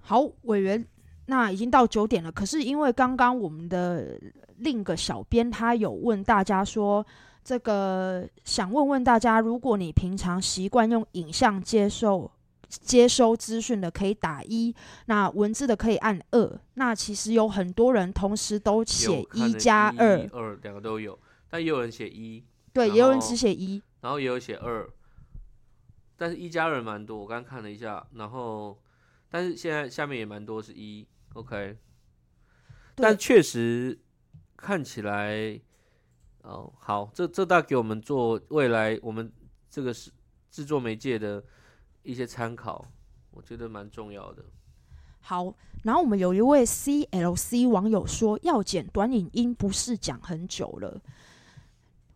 好，委員，那已經到九點了，可是因為剛剛我們的另一個小編他有問大家說，這個想問問大家，如果你平常習慣用影像接受。接收資訊的可以打一，那文字的可以按二。那其實有很多人同時都寫一加二，二兩個都有，但也有人寫一對，也有人只寫一，然後也有寫二，但是一加二蠻多。我剛剛看了一下，然後但是現在下面也蠻多是一，OK。但確實看起來哦，好，這這大概給我們做未來我們這個是制作媒介的。一些參考，我覺得蠻重要的。好，然後我們有一位 CLC 網友說要剪短影音，不是講很久了。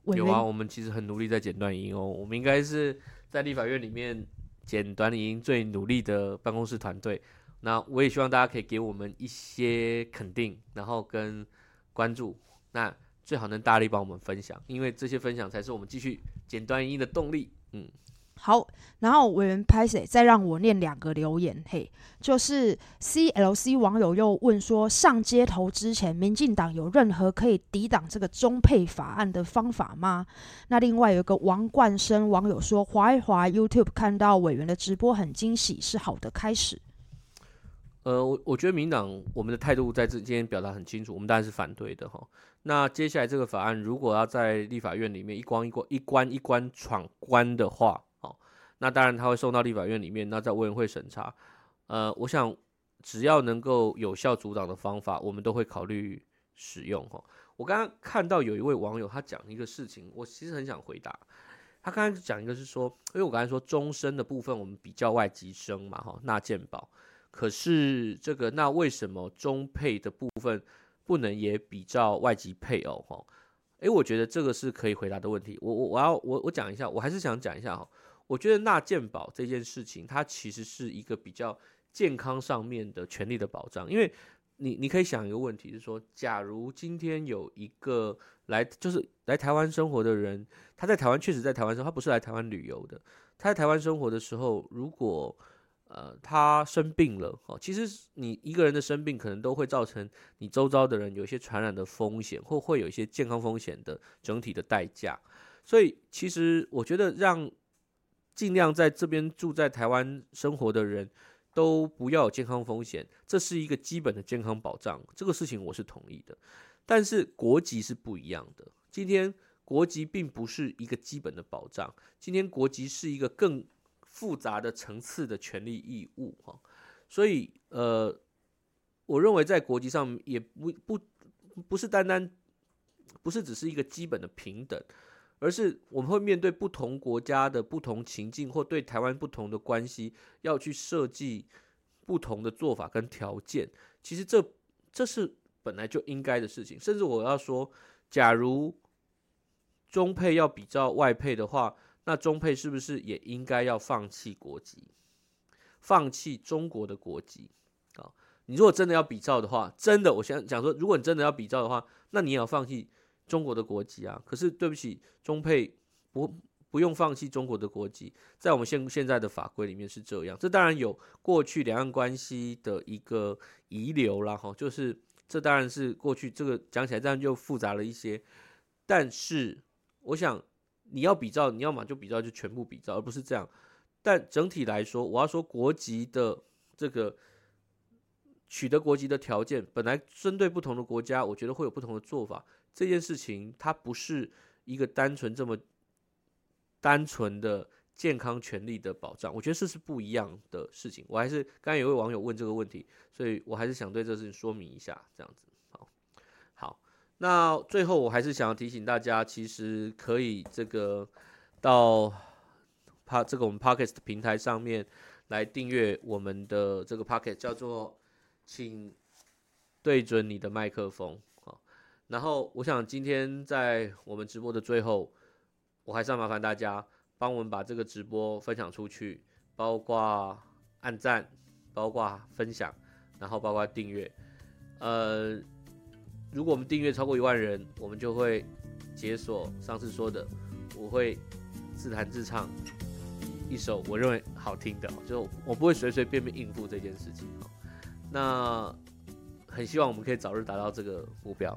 有啊，我們其實很努力在剪短影音哦。我們應該是在立法院裡面剪短影音最努力的辦公室團隊。那我也希望大家可以給我們一些肯定，然後跟關注，那最好能大力幫我們分享，因為這些分享才是我們繼續剪短影音的動力。嗯。好，然後委員 p a 再讓我念兩個留言，嘿，就是 CLC 網友又問說，上街頭之前，民進黨有任何可以抵擋這個中配法案的方法嗎？那另外有一個王冠生網友說，滑一滑 YouTube 看到委員的直播很驚喜，是好的開始。呃，我我覺得民黨我們的態度在這今天表達很清楚，我們當然是反對的哈、哦。那接下來這個法案如果要在立法院裡面一關一關一關一關闖關的話，那當然，他會送到立法院裡面，那在委員會審查。呃，我想，只要能夠有效阻擋的方法，我們都會考慮使用。哈，我剛剛看到有一位網友，他講一個事情，我其實很想回答。他剛剛講一個是說，因為我剛才說中生的部分，我們比較外籍生嘛，哈，納健保。可是這個，那為什麼中配的部分不能也比較外籍配偶？哈，哎，我覺得這個是可以回答的問題。我我我要我我講一下，我還是想講一下哈。我覺得納健保這件事情，它其實是一個比較健康上面的權利的保障。因為你，你可以想一個問題，是說，假如今天有一個來，就是來台灣生活的人，他在台灣確實在台灣生活，他不是來台灣旅游的。他在台灣生活的時候，如果呃他生病了，哦，其實你一個人的生病，可能都會造成你周遭的人有一些傳染的風險，或會有一些健康風險的整體的代價。所以，其實我覺得讓盡量在這邊住在台灣生活的人都不要有健康風險，這是一個基本的健康保障，這個事情我是同意的。但是國籍是不一樣的，今天國籍並不是一個基本的保障，今天國籍是一個更複雜的層次的權利義務，哈。所以呃，我認為在國籍上也不不不是單單不是只是一個基本的平等。而是我們會面對不同國家的不同情境，或對台灣不同的關係，要去設計不同的做法跟條件。其實這這是本來就應該的事情。甚至我要說，假如中配要比照外配的話，那中配是不是也應該要放棄國籍，放棄中國的國籍？啊，你如果真的要比照的話，真的我想講說，如果你真的要比照的話，那你也要放棄。中國的國籍啊，可是對不起，中配不不用放棄中國的國籍，在我們現現在的法規裡面是這樣。這當然有過去兩岸關係的一個遺留啦，哈，就是這當然是過去這個講起來這樣就複雜了一些。但是我想你要比照，你要麼就比照就全部比照，而不是這樣。但整體來說，我要說國籍的這個取得國籍的條件，本來針對不同的國家，我覺得會有不同的做法。這件事情它不是一個單純這麼單純的健康權利的保障，我覺得這是不一樣的事情。我還是剛剛有位網友問這個問題，所以我還是想對這事情說明一下，這樣子。好，好，那最後我還是想要提醒大家，其實可以這個到帕這個我們 Podcast 的平台上面來訂閱我們的這個 Podcast，叫做請對準你的麥克風。然後，我想今天在我們直播的最後，我還是要麻煩大家幫我們把這個直播分享出去，包括按讚，包括分享，然後包括訂閱。呃，如果我們訂閱超過一萬人，我們就會解鎖上次說的，我會自彈自唱一首我認為好聽的，就我不會隨隨便便應付這件事情。那很希望我們可以早日達到這個目標。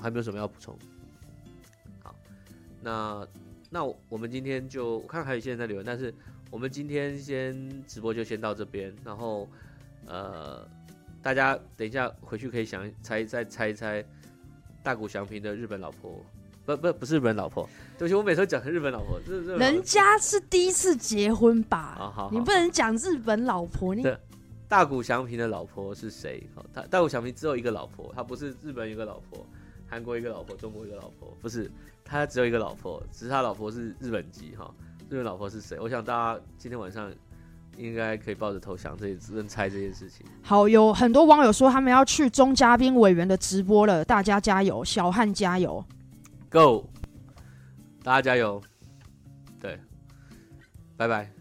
還沒有什麼要補充。好，那那我們今天就我看還有些人在,在留言，但是我們今天先直播就先到這邊。然後呃，大家等一下回去可以想猜再猜一猜,一猜大谷翔平的日本老婆，不不不是日本老婆，對不起，我每次講日本老婆，是日本老婆人家是第一次結婚吧？好好,好，你不能講日本老婆。你。大谷翔平的老婆是誰？好，大大谷翔平只有一個老婆，他不是日本有個老婆。韓國一個老婆，中國一個老婆，不是，他只有一個老婆，只是他老婆是日本籍哈、哦。日本老婆是誰？我想大家今天晚上應該可以抱着投降，這認猜這件事情。好，有很多網友說他們要去鍾佳濱委員的直播了，大家加油，小翰加油，Go，大家加油，對，拜拜。